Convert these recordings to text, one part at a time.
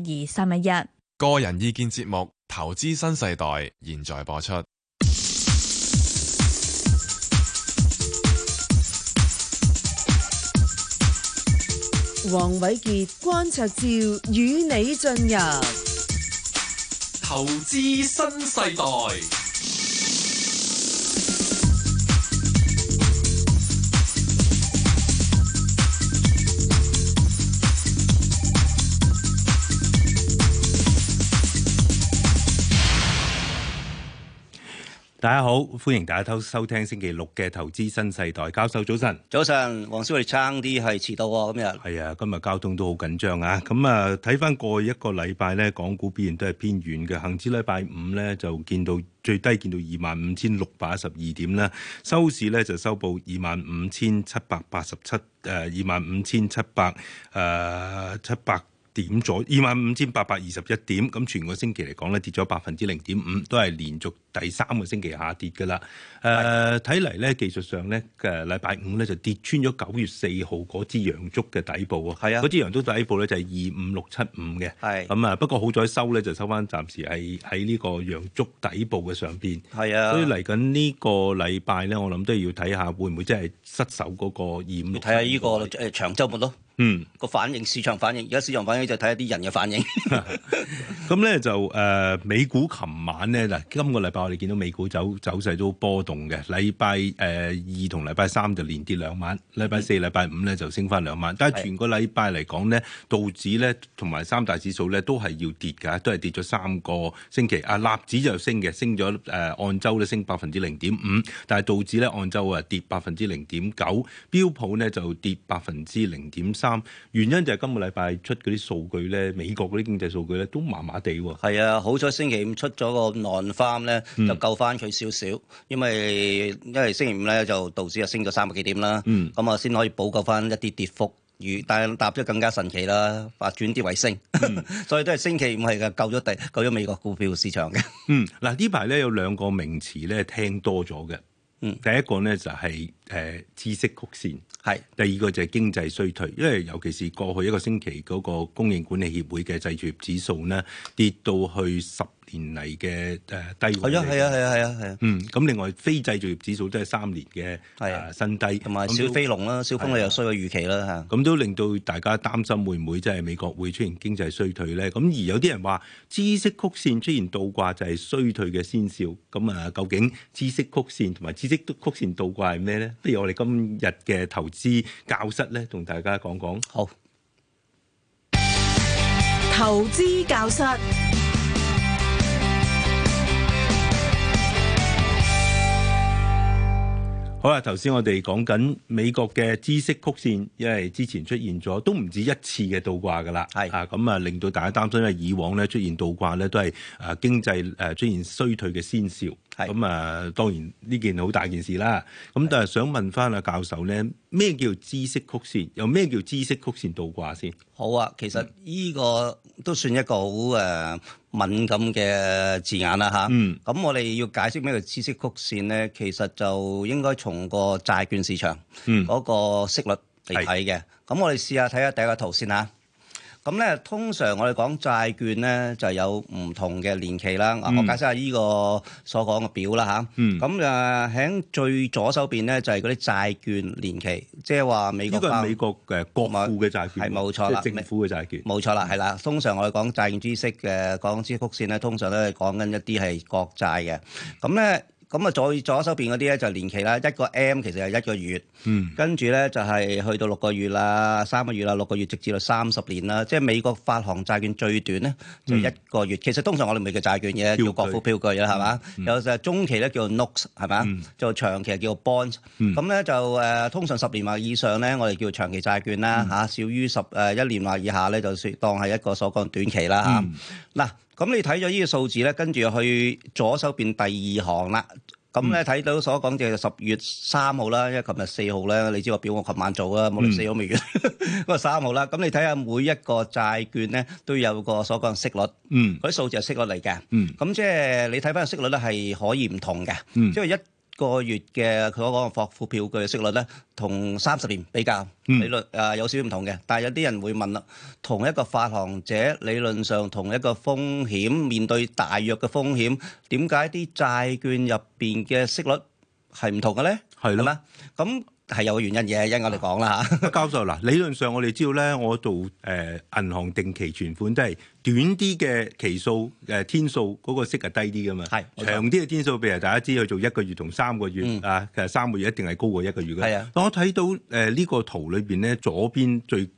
二三一一，一個人意見節目《投資新世代》現在播出。黃瑋傑關焯照與你進入《投資新世代》。大家好，歡迎大家收收聽星期六嘅投資新世代。教授早晨，早晨，黃生，我哋差啲係遲到喎，今日係啊，今日交通都好緊張啊。咁啊，睇翻過去一個禮拜呢，港股表現都係偏軟嘅，恒指禮拜五呢，就見到最低見到二萬五千六百一十二點啦，收市呢，就收報二萬五千七百八十七誒，二萬五千七百誒七百，點咗二萬五千八百二十一點，咁全個星期嚟講咧跌咗百分之零點五，都係連續第三個星期下跌嘅啦。誒睇嚟咧技術上咧誒禮拜五咧就跌穿咗九月四號嗰支陽燭嘅底部啊，嗰支陽燭底部咧就係二五六七五嘅，咁啊、嗯、不過好彩收咧就收翻暫時係喺呢個陽燭底部嘅上邊，啊、所以嚟緊呢個禮拜咧我諗都係要睇下會唔會真係失守嗰個二五六。睇下呢個長週末咯。嗯，個反應市場反應，而家市場反應就睇下啲人嘅反應。咁 咧、嗯、就誒、呃，美股琴晚咧嗱，今個禮拜我哋見到美股走走勢都波動嘅。禮拜誒二同禮拜三就連跌兩晚，禮拜四、禮拜五咧就升翻兩晚。嗯、但係全個禮拜嚟講咧，道指咧同埋三大指數咧都係要跌㗎，都係跌咗三個星期。啊，納指就升嘅，升咗誒、呃、按週咧升百分之零點五，但係道指咧按週啊跌百分之零點九，標普咧就跌百分之零點三。原因就係今個禮拜出嗰啲數據咧，美國嗰啲經濟數據咧都麻麻地喎。係啊，好彩星期五出咗個 non farm 咧，就救翻佢少少。因為因為星期五咧就道指又升咗三百幾點啦，咁啊先可以補救翻一啲跌幅。如但係踏出更加神奇啦，把轉跌為升，所以都係星期五係嘅救咗第救咗美國股票市場嘅。嗯，嗱呢排咧有兩個名詞咧聽多咗嘅。嗯、第一個呢就係知識曲線，是第二個就係經濟衰退，因為尤其是過去一個星期嗰個供應管理協會嘅製造業指數呢跌到去十年嚟嘅誒低位，係啊，係啊，係啊，係啊，嗯，咁另外非製造業指數都係三年嘅的新低，同埋小非農啦，都小非農又衰過預期啦，嚇的，咁的都令到大家擔心會唔會即係美國會出現經濟衰退咧？咁而有啲人話孳息曲線出現倒掛就係衰退嘅先兆，咁啊，究竟孳息曲線同埋孳息曲線倒掛係咩咧？不如我哋今日嘅投資教室咧，同大家講講。好，投資教室。好啦，啊，頭先我哋講緊美國嘅孳息曲線，因為之前出現咗都唔止一次嘅倒掛㗎喇，係是啊，咁啊令到大家擔心，因為以往呢出現倒掛呢都係啊經濟誒，啊、出現衰退嘅先兆。咁啊，是當然呢件好大件事啦。咁的但係想問翻阿教授咧，咩叫知識曲線？有咩叫知識曲線倒掛先？好啊，其實呢個都算一個好誒敏感嘅字眼啦嚇。咁、嗯啊、我哋要解釋咩叫知識曲線咧，其實就應該從個債券市場嗰個息率嚟睇嘅。咁、嗯、我哋試下睇下第一個圖先嚇、啊。咁咧，通常我哋講債券咧，就有唔同嘅年期啦。嗯、我解釋下呢個所講嘅表啦吓，咁誒、嗯，喺、嗯、最左手邊咧，就係嗰啲債券年期，即係話美國。呢個係美國誒國庫嘅債券，係冇錯啦，政府嘅債券。冇沒錯啦，係啦。通常我哋講債券孳息嘅講孳息曲線咧，通常都係講緊一啲係國債嘅。咁咧。咁啊，左左手邊嗰啲咧就年期啦，一個 M 其實係一個月，跟住咧就係去到六個月啦、三個月啦、六個月，直至到三十年啦。即係美國發行債券最短咧就一個月。其實通常我哋唔叫債券嘅，叫國庫票據啦，係嘛？有時中期咧叫 notes 係嘛？就長期叫 bonds。咁咧就誒，通常十年或以上咧，我哋叫長期債券啦嚇。少於十誒一年或以下咧，就當係一個所講短期啦嚇。嗱。咁你睇咗呢個數字咧，跟住去左手邊第二行啦。咁咧睇到所講就係十月三號啦，因為琴日四號咧，你知我表我琴晚做啊，冇理四號未完。咁啊三號啦。咁你睇下每一個債券咧都有個所講息率。嗯。嗰啲數字係息率嚟嘅。嗯。咁即係你睇翻個息率咧係可以唔同嘅。嗯。即係一個月嘅，佢嗰個貨庫票據嘅息率咧，同三十年比較利率，誒有少少唔同嘅。但係有啲人會問啦，同一個發行者理論上同一個風險面對大約嘅風險，點解啲債券入邊嘅息率係唔同嘅咧？係啦的，咩咁。係有個原因嘅，因我哋講啦吓。教授嗱、啊，理論上我哋知道咧，我做誒銀、呃、行定期存款都係短啲嘅期數誒、呃、天數，嗰、那個息係低啲噶嘛。係是長啲嘅天數，譬如大家知道去做一個月同三個月、嗯、啊，其實三個月一定係高過一個月嘅。啊、但我睇到誒呢、呃這個圖裏邊咧，左邊最誒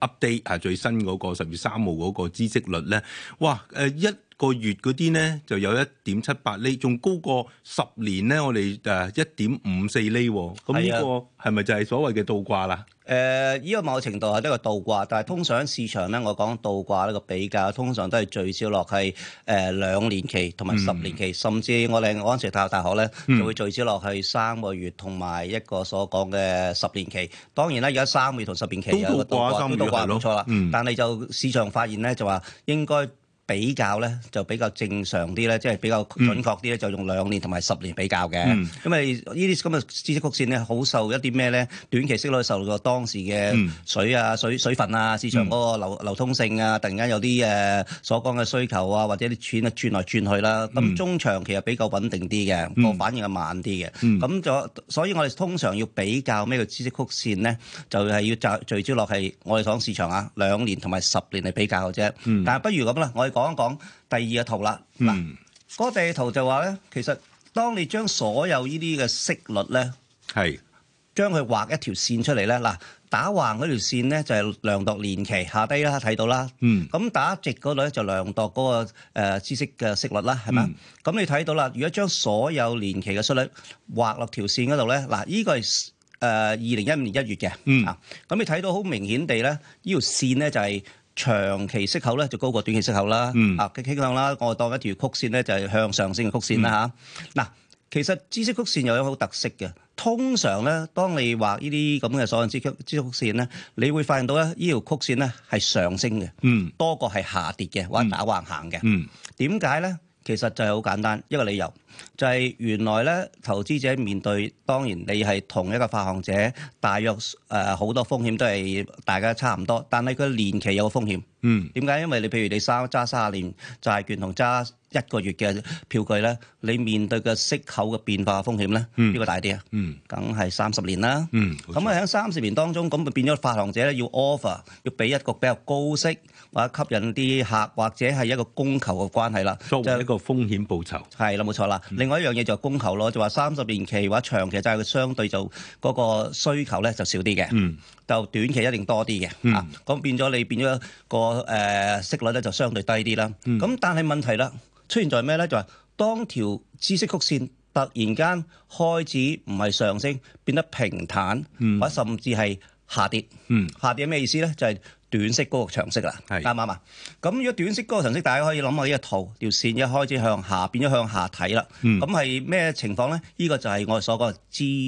update 係最新嗰、那個十月三號嗰個孳息率咧，哇誒、呃、一，.個月嗰啲咧就有一點七八厘，仲高過十年咧。我哋誒一點五四厘、哦，咁呢個係咪就係所謂嘅倒掛啦？誒、啊，呢、呃這個某程度係呢個倒掛，但係通常市場咧，我講倒掛呢個比較，通常都係聚焦落去誒兩、呃、年期同埋十年期，嗯、甚至我哋安時大學大學咧、嗯、就會聚焦落去三個月同埋一個所講嘅十年期。當然啦，而家三個月同十年期有倒掛，冇錯啦。錯嗯、但係就市場發現咧，就話應該。比較咧就比較正常啲咧，即係比較準確啲咧，就用兩年同埋十年比較嘅。因為依啲咁嘅知識曲線咧，好受一啲咩咧？短期息可以受到當時嘅水啊、水水分啊、市場嗰個流流通性啊，突然間有啲誒所講嘅需求啊，或者啲錢啊轉轉來轉去啦。咁中長期係比較穩定啲嘅，個反應係慢啲嘅。咁就所以我哋通常要比較咩叫知識曲線咧，就係要集聚焦落係我哋講市場啊，兩年同埋十年嚟比較嘅啫。但係不如咁啦，我哋。講一講第二個圖啦，嗱，嗰個第二圖就話咧，其實當你將所有呢啲嘅息率咧，係將佢畫一條線出嚟咧，嗱，打橫嗰條線咧就係量度年期下低啦，睇到啦，嗯，咁打直嗰度咧就量度嗰個誒知識嘅息率啦，係嘛？咁你睇到啦，如果將所有年期嘅息率畫落條線嗰度咧，嗱，呢個係誒二零一五年一月嘅，嗯，啊，咁你睇到好明顯地咧，呢條線咧就係。長期息口咧就高過短期息口啦，啊嘅傾向啦，我當一條曲線咧就係向上升嘅曲線啦嚇。嗱，其實孳息曲線又有好特色嘅，通常咧當你畫呢啲咁嘅所謂孳息曲線咧，你會發現到咧呢條曲線咧係上升嘅，多過係下跌嘅或者打橫行嘅。點解咧？其實就係好簡單，一個理由就係原來咧，投資者面對當然你係同一個發行者，大約誒好多風險都係大家差唔多，但係佢年期有風險。嗯。點解？因為你譬如你三揸三十年債券同揸一個月嘅票據咧，你面對嘅息口嘅變化風險咧，邊個大啲啊？嗯。梗係三十年啦。嗯。咁啊喺三十年當中，咁就變咗發行者咧要 offer 要俾一個比較高息。或者吸引啲客，或者係一個供求嘅關係啦，即係呢個風險報酬。係啦，冇錯啦。嗯、另外一樣嘢就係供求咯，就話三十年期或者長期債就係佢相對就嗰個需求咧就少啲嘅，嗯、就短期一定多啲嘅。咁、嗯啊、變咗你變咗個誒、呃、息率咧就相對低啲啦。咁、嗯、但係問題啦出現在咩咧？就係當條孳息曲線突然間開始唔係上升，變得平坦，嗯、或者甚至係下跌。嗯、下跌咩意思咧？就係、是短息嗰個長息啦，啱啱啊？咁如果短息嗰個長息，大家可以諗下呢個圖，條線一開始向下，變咗向下睇啦。咁係咩情況咧？呢、呢個就係我哋所講嘅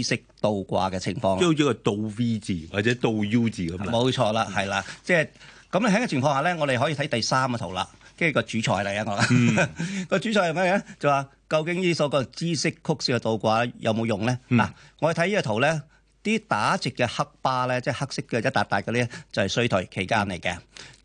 知識倒掛嘅情況，即係好似個倒 V 字或者倒 U 字咁樣。冇錯啦，係啦，即係咁你喺個情況下咧，我哋可以睇第三個圖啦。跟住個主菜嚟啊，我啦，個主菜係咩嘅？就話究竟呢所講知識曲線嘅倒掛有冇用咧？嗱，我哋睇呢個圖咧。啲打直嘅黑巴咧，即係黑色嘅一笪笪嗰啲，就係衰退期間嚟嘅。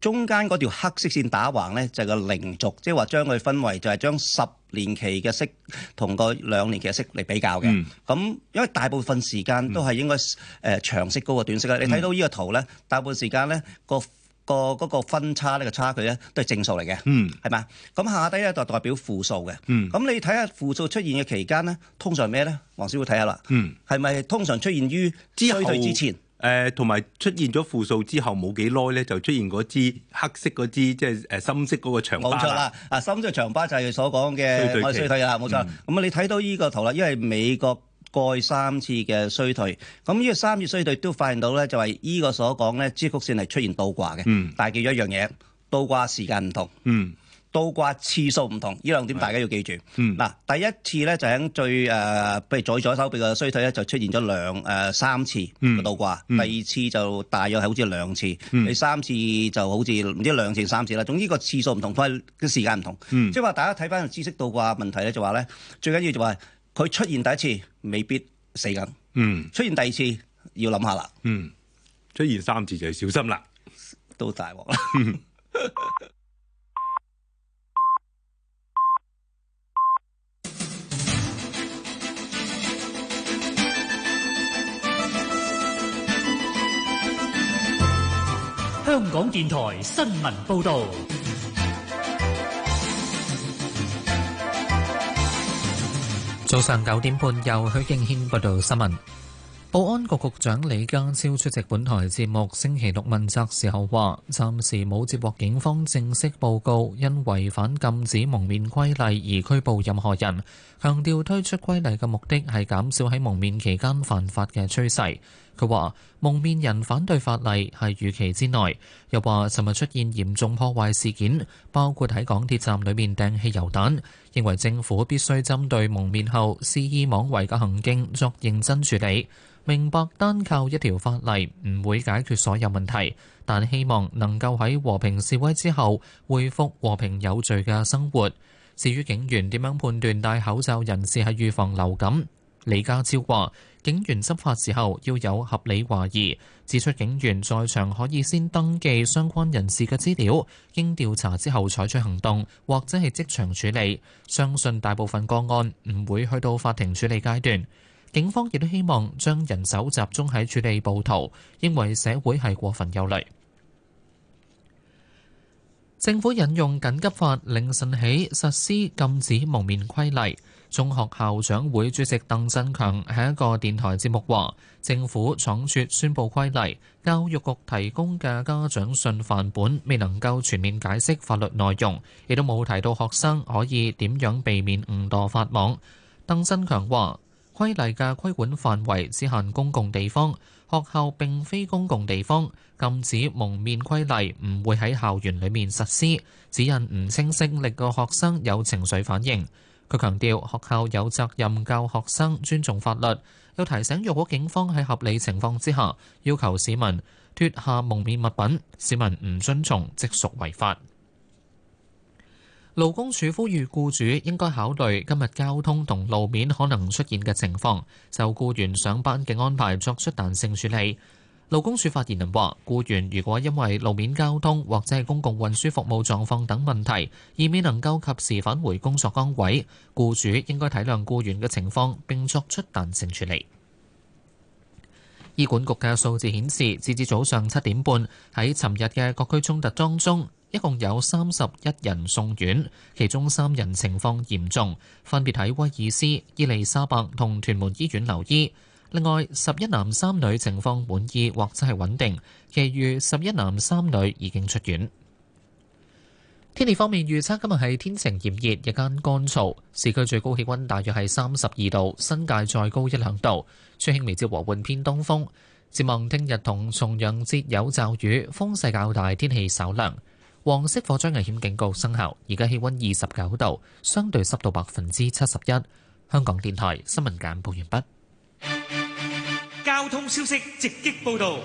中間嗰條黑色線打橫咧，就係個零軸，即係話將佢分為就係將十年期嘅息同個兩年期嘅息嚟比較嘅。咁、嗯、因為大部分時間都係應該誒長息高過短息啦。你睇到呢個圖咧，大部分時間咧、嗰個。個嗰個分差呢個差距咧，都係正數嚟嘅，係嘛、嗯？咁下低咧就代表負數嘅，咁、嗯、你睇下負數出現嘅期間呢，通常咩咧？黃師傅睇下啦，係咪、嗯、通常出現於衰退之前？誒，同、呃、埋出現咗負數之後冇幾耐咧，就出現嗰支黑色嗰支，即係誒深色嗰個長巴。冇錯啦，啊深色長巴就係所講嘅衰退，我需要睇下冇錯。咁啊、嗯，那麼你睇到呢個圖啦，因為美國。過去三次嘅衰退，咁呢個三次衰退都發現到咧，就係呢個所講咧，支曲線係出現倒掛嘅。嗯，但係記咗一樣嘢，倒掛時間唔同，嗯，倒掛次數唔同。呢兩點大家要記住。嗯，嗱，第一次咧就喺最誒，譬如左左手臂嘅衰退咧，就出現咗兩誒三次嘅倒掛。第二次就大約係好似兩次，第三次就好似唔知兩次三次啦。總之個次數唔同，同埋啲時間唔同。嗯，即係話大家睇翻知識倒掛問題咧，就話咧最緊要就話佢出現第一次。未必死緊，嗯、出現第二次要諗下啦。出現三次就要小心啦，都大鑊啦。 香港電台新聞報導。早上九點半，由許敬軒報道新聞。保安局局長李家超出席本台節目《星期六問責》時候話，暫時冇接獲警方正式報告，因違反禁止蒙面規例而拘捕任何人。強調推出規例嘅目的係減少喺蒙面期間犯法嘅趨勢。佢話蒙面人反對法例係預期之內，又話尋日出現嚴重破壞事件，包括喺港鐵站裏面掟汽油彈。認為政府必須針對蒙面後肆意妄為嘅行徑作認真處理，明白單靠一條法例唔會解決所有問題，但希望能夠喺和平示威之後恢復和平有序嘅生活。至於警員點樣判斷戴口罩人士係預防流感？李家超話：警員執法時候要有合理懷疑，指出警員在場可以先登記相關人士嘅資料，經調查之後採取行動或者係即場處理，相信大部分個案唔會去到法庭處理階段。警方亦都希望將人手集中喺處理暴徒，因為社會係過分憂慮。政府引用緊急法，凌晨起實施禁止蒙面規例。中學校長會主席鄧振強喺一個電台節目話，政府倉促宣佈規例，教育局提供嘅家長信範本未能夠全面解釋法律內容，亦都冇提到學生可以點樣避免誤墮法網。鄧振強話，規例嘅規管範圍只限公共地方，學校並非公共地方，禁止蒙面規例唔會喺校園裡面實施，指引唔清晰令個學生有情緒反應。佢強調學校有責任教學生尊重法律，又提醒若果警方喺合理情況之下要求市民脫下蒙面物品，市民唔遵從即屬違法。勞工處呼籲僱主應該考慮今日交通同路面可能出現嘅情況，就僱員上班嘅安排作出彈性處理。勞工署發言人話，僱員如果因為路面交通或者係公共運輸服務狀況等問題，而未能夠及時返回工作崗位，僱主應該體諒僱員嘅情況，並作出彈性處理。醫管局嘅數字顯示，截至早上七點半，喺尋日嘅各區衝突當中，一共有三十一人送院，其中三人情況嚴重，分別喺威爾斯、伊利沙伯同屯門醫院留醫。另外，十一男三女情況滿意，或者係穩定。其餘十一男三女已經出院。天氣方面預測，預測今日係天晴炎熱，日間乾燥，市區最高氣温大約係三十二度，新界再高一兩度，吹輕微至和緩偏東風。展望聽日同重陽節有驟雨，風勢較大，天氣稍涼。黃色火災危險警告生效，而家氣温二十九度，相對濕度百分之七十一。香港電台新聞簡報完畢。交通消息直擊報道。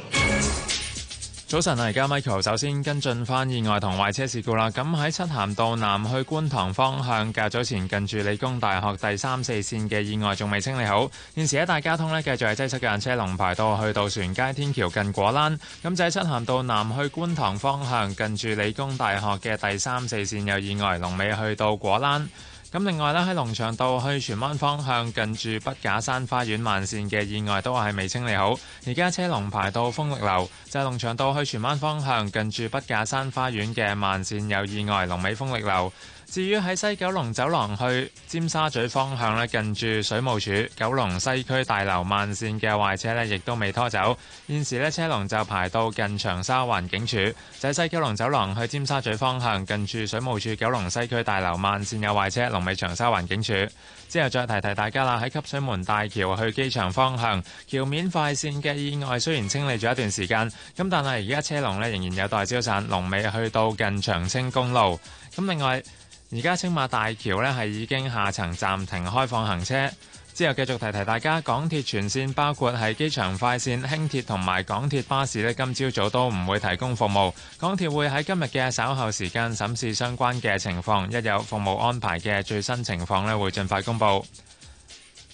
早晨啊，而家 Michael 首先跟進翻意外同壞車事故啦。咁喺漆咸道南去觀塘方向，較早前近住理工大學第三四線嘅意外仲未清理好，現時一帶交通呢，繼續係擠塞嘅，車龍排到去到渡船街天橋近果欄。咁就喺漆咸道南去觀塘方向，近住理工大學嘅第三四線有意外，龍尾去到果欄。咁另外啦，喺龍翔道去荃灣方向近住畢架山花園慢線嘅意外都係未清理好，而家車龍排到豐力樓。就係龍翔道去荃灣方向近住畢架山花園嘅慢線有意外，龍尾豐力樓。至於喺西九龍走廊去尖沙咀方向近住水務處九龍西區大樓慢線嘅壞車亦都未拖走。現時咧車龍就排到近長沙環境處。喺西九龍走廊去尖沙咀方向，近住水務處九龍西區大樓慢線有壞車，龍尾長沙環境處。之後再提提大家啦，喺吸水門大橋去機場方向橋面快線嘅意外雖然清理咗一段時間，咁但係而家車龍仍然有待消散，龍尾去到近長青公路。咁另外。而家青馬大橋呢係已經下層暫停開放行車。之後繼續提提大家，港鐵全線包括係機場快線、輕鐵同埋港鐵巴士呢，今朝早，早都唔會提供服務。港鐵會喺今日嘅稍後時間審視相關嘅情況，一有服務安排嘅最新情況呢，會盡快公佈。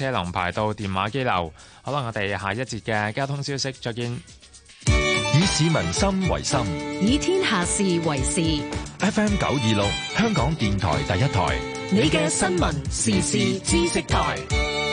車龍排到電話機樓，好啦，我哋下一節嘅交通消息再見。以市民心為心，嗯，以天下事為事。FM 九二六，香港電台第一台，你嘅新聞時事知識台。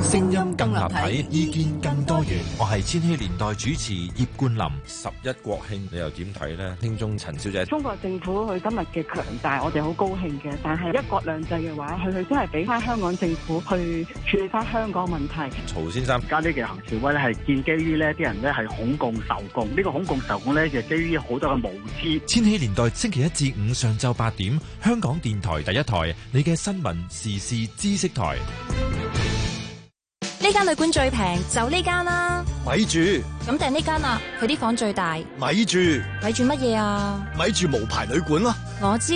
聲音更立體，意見更多元。我係千禧年代主持葉冠霖。十一國慶你又點睇咧？聽眾陳小姐，中國政府佢今日嘅強大，我哋好高興嘅。但係一國兩制嘅話，佢佢真係俾翻香港政府去處理翻香港問題。曹先生，而家呢件行示威咧係建基於呢啲人咧係恐共仇共。呢個恐共仇共咧就基於好多嘅無知。千禧年代星期一至五上晝八點，香港電台第一台，你嘅新聞時事知識台。呢間旅館最平，就呢間啦。咪住，咁訂呢間啦。佢啲房最大。咪住，咪住乜嘢啊？咪住無牌旅館咯。我知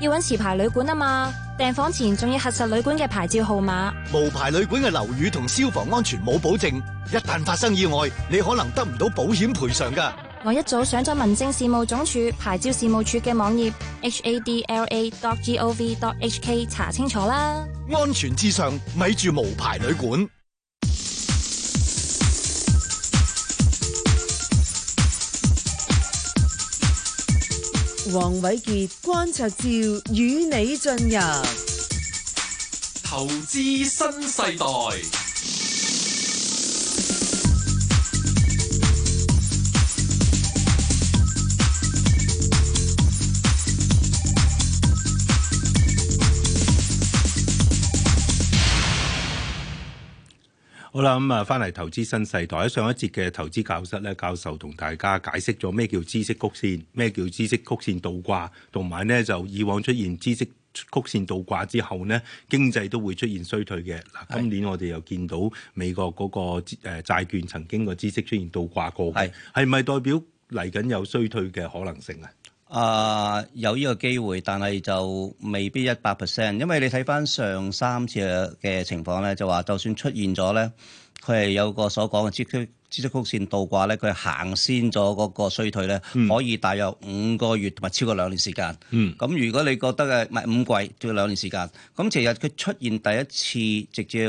要搵持牌旅館啊嘛。訂房前仲要核實旅館嘅牌照號碼。無牌旅館嘅樓宇同消防安全冇保證，一旦發生意外，你可能得唔到保險賠償噶。我一早上咗民政事務總署牌照事務處嘅網頁 hadla.gov.hk 查清楚啦。安全至上，咪住無牌旅館。黃瑋傑關焯照與進，與你進入投資新世代。好啦，咁啊翻嚟投資新世代。喺上一節嘅投資教室咧，教授同大家解釋咗咩叫知識曲線，咩叫知識曲線倒掛，同埋咧就以往出現知識曲線倒掛之後咧，經濟都會出現衰退嘅。嗱，今年我哋又見到美國嗰個誒債券曾經個知識出現倒掛過，係係咪代表嚟緊有衰退嘅可能性啊？啊、呃，有呢個機會，但係就未必一百 percent，因為你睇翻上三次嘅情況咧，就話就算出現咗咧，佢係有個所講嘅孳息曲線倒掛咧，佢行先咗嗰個衰退咧，可以大約五個月同埋超過兩年時間。咁、嗯、如果你覺得嘅唔係五季，超過兩年時間，咁其實佢出現第一次直接。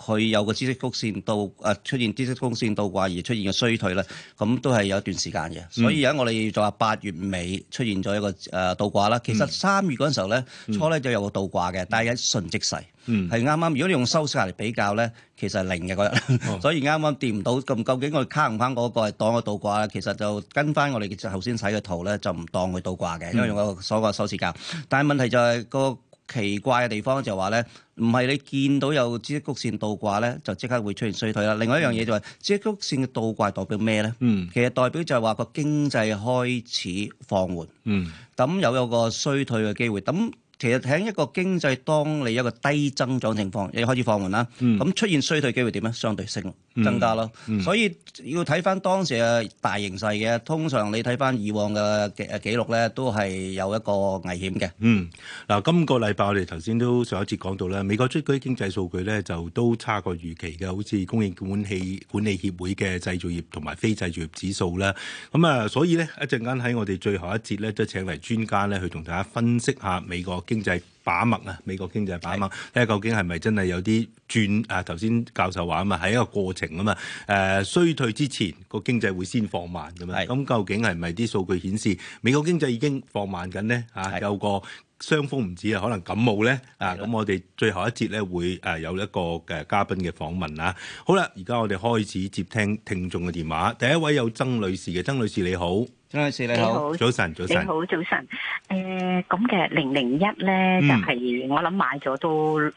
佢有個孳息曲線倒，誒出現孳息曲線倒掛而出現嘅衰退咧，咁都係有一段時間嘅。所以而家我哋就話八月尾出現咗一個誒倒掛啦。其實三月嗰陣時候咧，初咧就有個倒掛嘅，但係一瞬即逝，係啱啱。如果你用收市價嚟比較咧，其實係零嘅嗰日，所以啱啱掂唔到。咁究竟我哋卡唔翻嗰個係當個倒掛咧？其實就跟翻我哋頭先睇嘅圖咧，就唔當佢倒掛嘅，因為用咗個所謂收市價。但係問題就係個。奇怪嘅地方就係話咧，唔係你見到有孳息曲線倒掛咧，就即刻會出現衰退啦。另外一樣嘢就係孳息曲線嘅倒掛代表咩咧？嗯、其實代表就係話個經濟開始放緩，咁、嗯、有有個衰退嘅機會。咁其實喺一個經濟當你一個低增長的情況，你開始放緩啦，咁、嗯、出現衰退的機會點咧？相對升。增加咯，嗯嗯、所以要睇翻當時嘅大形勢嘅。通常你睇翻以往嘅記記錄咧，都係有一個危險嘅。嗯，嗱，今個禮拜我哋頭先都上一節講到咧，美國出嘅經濟數據咧就都差過預期嘅，好似供應管管理協會嘅製造業同埋非製造業指數咧。咁啊，所以咧一陣間喺我哋最後一節咧都請嚟專家咧去同大家分析下美國經濟。把脈啊，美國經濟把脈，睇下究竟係咪真係有啲轉啊？頭先教授話啊嘛，係一個過程啊嘛。誒，衰退之前個經濟會先放慢咁樣，咁是究竟係咪啲數據顯示美國經濟已經放慢緊咧？嚇、啊，有個。傷風唔止啊，可能感冒咧啊！咁我哋最後一節咧會誒有一個嘅嘉賓嘅訪問啦！好啦，而家我哋開始接聽聽眾嘅電話。第一位有曾女士嘅，曾女士你好，曾女士你好，早晨早晨，你好早晨。誒，咁嘅零零一咧就係我諗買咗都誒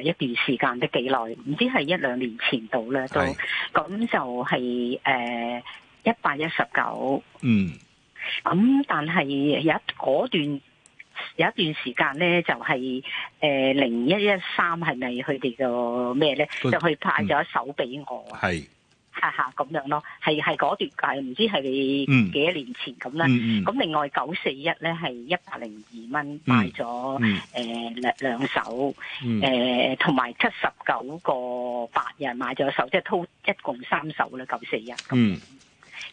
一段時間，都幾耐，唔知係一兩年前到咧都。咁就係誒一百一十九。嗯。咁但係有一嗰段。有一段時間咧，就係、是、誒、呃、零一一三係咪佢哋個咩咧？嗯、就去派咗一手俾我，係是哈哈，咁樣咯，係係嗰段誒，唔知係幾多年前咁啦。咁、嗯、另外九四一咧係一百零二蚊買咗誒兩兩手，誒同埋七十九個八人買咗一手，即係 total 一共三手啦，九四一。嗯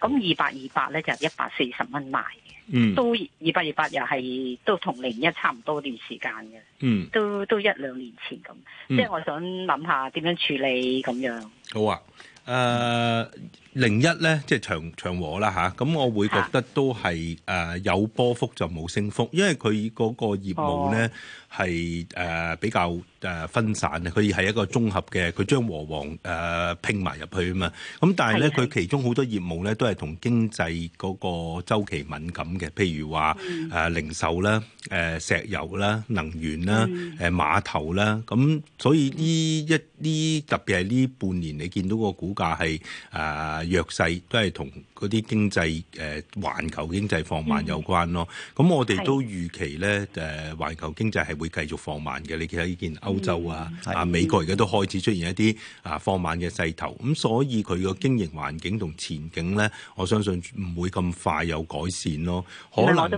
咁二百二百咧就一、嗯、百四十蚊賣嘅，都二百二百又係都同零一差唔多段時間嘅，嗯、都都一兩年前咁，嗯、即係我想諗下點樣處理咁樣。好啊，誒、呃。零一咧，01，即係長，長和啦嚇，咁、啊、我會覺得都係誒、呃、有波幅就冇升幅，因為佢嗰個業務咧係誒比較誒、呃、分散咧，佢係一個綜合嘅，佢將和黃誒、呃、拼埋入去啊嘛。咁但係咧，佢的其中好多業務咧都係同經濟嗰個周期敏感嘅，譬如話、mm. 呃、零售啦、呃、石油啦、能源啦、誒、mm. 呃、碼頭啦，咁、啊、所以呢一呢特別係呢半年你見到個股價係誒。呃弱勢都係同嗰啲經濟誒環、呃、球經濟放慢有關咯。咁、嗯、我哋都預期咧誒環球經濟係會繼續放慢嘅。你睇見歐洲啊，嗯、啊美國而家都開始出現一啲啊放慢嘅勢頭。咁、嗯、所以佢個經營環境同前景咧，我相信唔會咁快有改善咯。可能。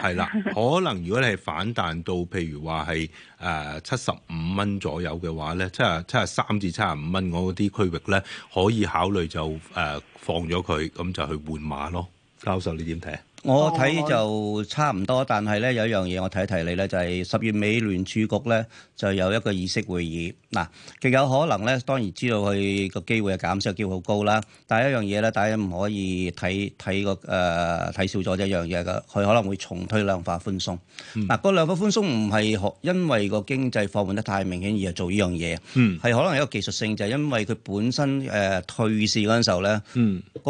係啦，可能如果你係反彈到譬如話係誒七十五蚊左右嘅話咧，七啊七啊三至七啊五蚊嗰啲區域咧，可以考慮就誒、呃、放咗佢，咁就去換馬咯。教授你點睇啊？我睇就差唔多，但係咧有一樣嘢，我提一提你咧，就係、是、十月尾聯儲局咧就有一個議息會議。嗱，極有可能咧，當然知道佢個機會係減少，機會好高啦。但係一樣嘢咧，大家唔可以睇睇個誒睇、呃、少咗一樣嘢嘅，佢可能會重推量化寬鬆。嗱，嗯、個量化寬鬆唔係學因為個經濟放緩得太明顯而做呢樣嘢，係、嗯、可能一個技術性，就係、是、因為佢本身誒、呃、退市嗰陣時候咧、嗯那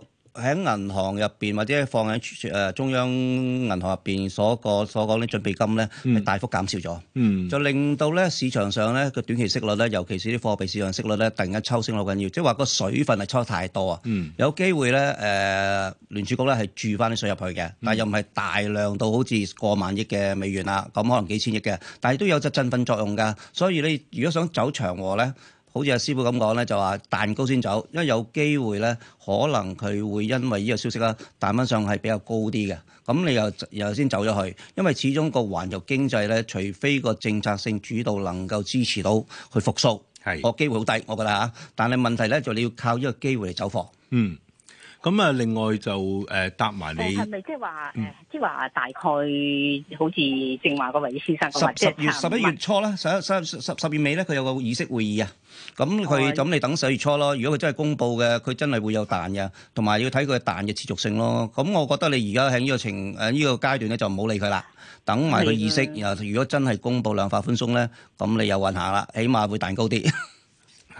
個。喺銀行入邊或者放喺誒、呃、中央銀行入邊所個所講啲準備金咧，係、嗯、大幅減少咗，嗯、就令到咧市場上咧個短期息率咧，尤其是啲貨幣市場息率咧，突然間抽升好緊要，即係話個水分係抽得太多啊，嗯、有機會咧誒、呃、聯儲局咧係注翻啲水入去嘅，但係又唔係大量到好似過萬億嘅美元啦，咁可能幾千億嘅，但係都有隻振奮作用㗎，所以你如果想走長和咧。好似阿師傅咁講呢，就話蛋糕先走，因為有機會呢，可能佢會因為呢個消息啦，彈番上係比較高啲嘅，咁你又，又先走咗去，因為始終個環球經濟呢，除非個政策性主導能夠支持到去復甦，個機會好低，我覺得嚇。但係問題呢，就你要靠呢個機會嚟走貨。嗯。咁啊，另外就誒答埋你，係咪即係話誒，即係話大概好似正話個位先生咁話，即係十十月十一月初咧，十十十十月尾咧，佢有個議息會議啊。咁佢咁你等十月初咯。如果佢真係公佈嘅，佢真係會有彈嘅，同埋要睇佢嘅彈嘅持續性咯。咁我覺得你而家喺呢個情誒呢個階段咧，就唔好理佢啦，等埋個議息。然後如果真係公佈量化寬鬆咧，咁你有運下啦，起碼會彈高啲。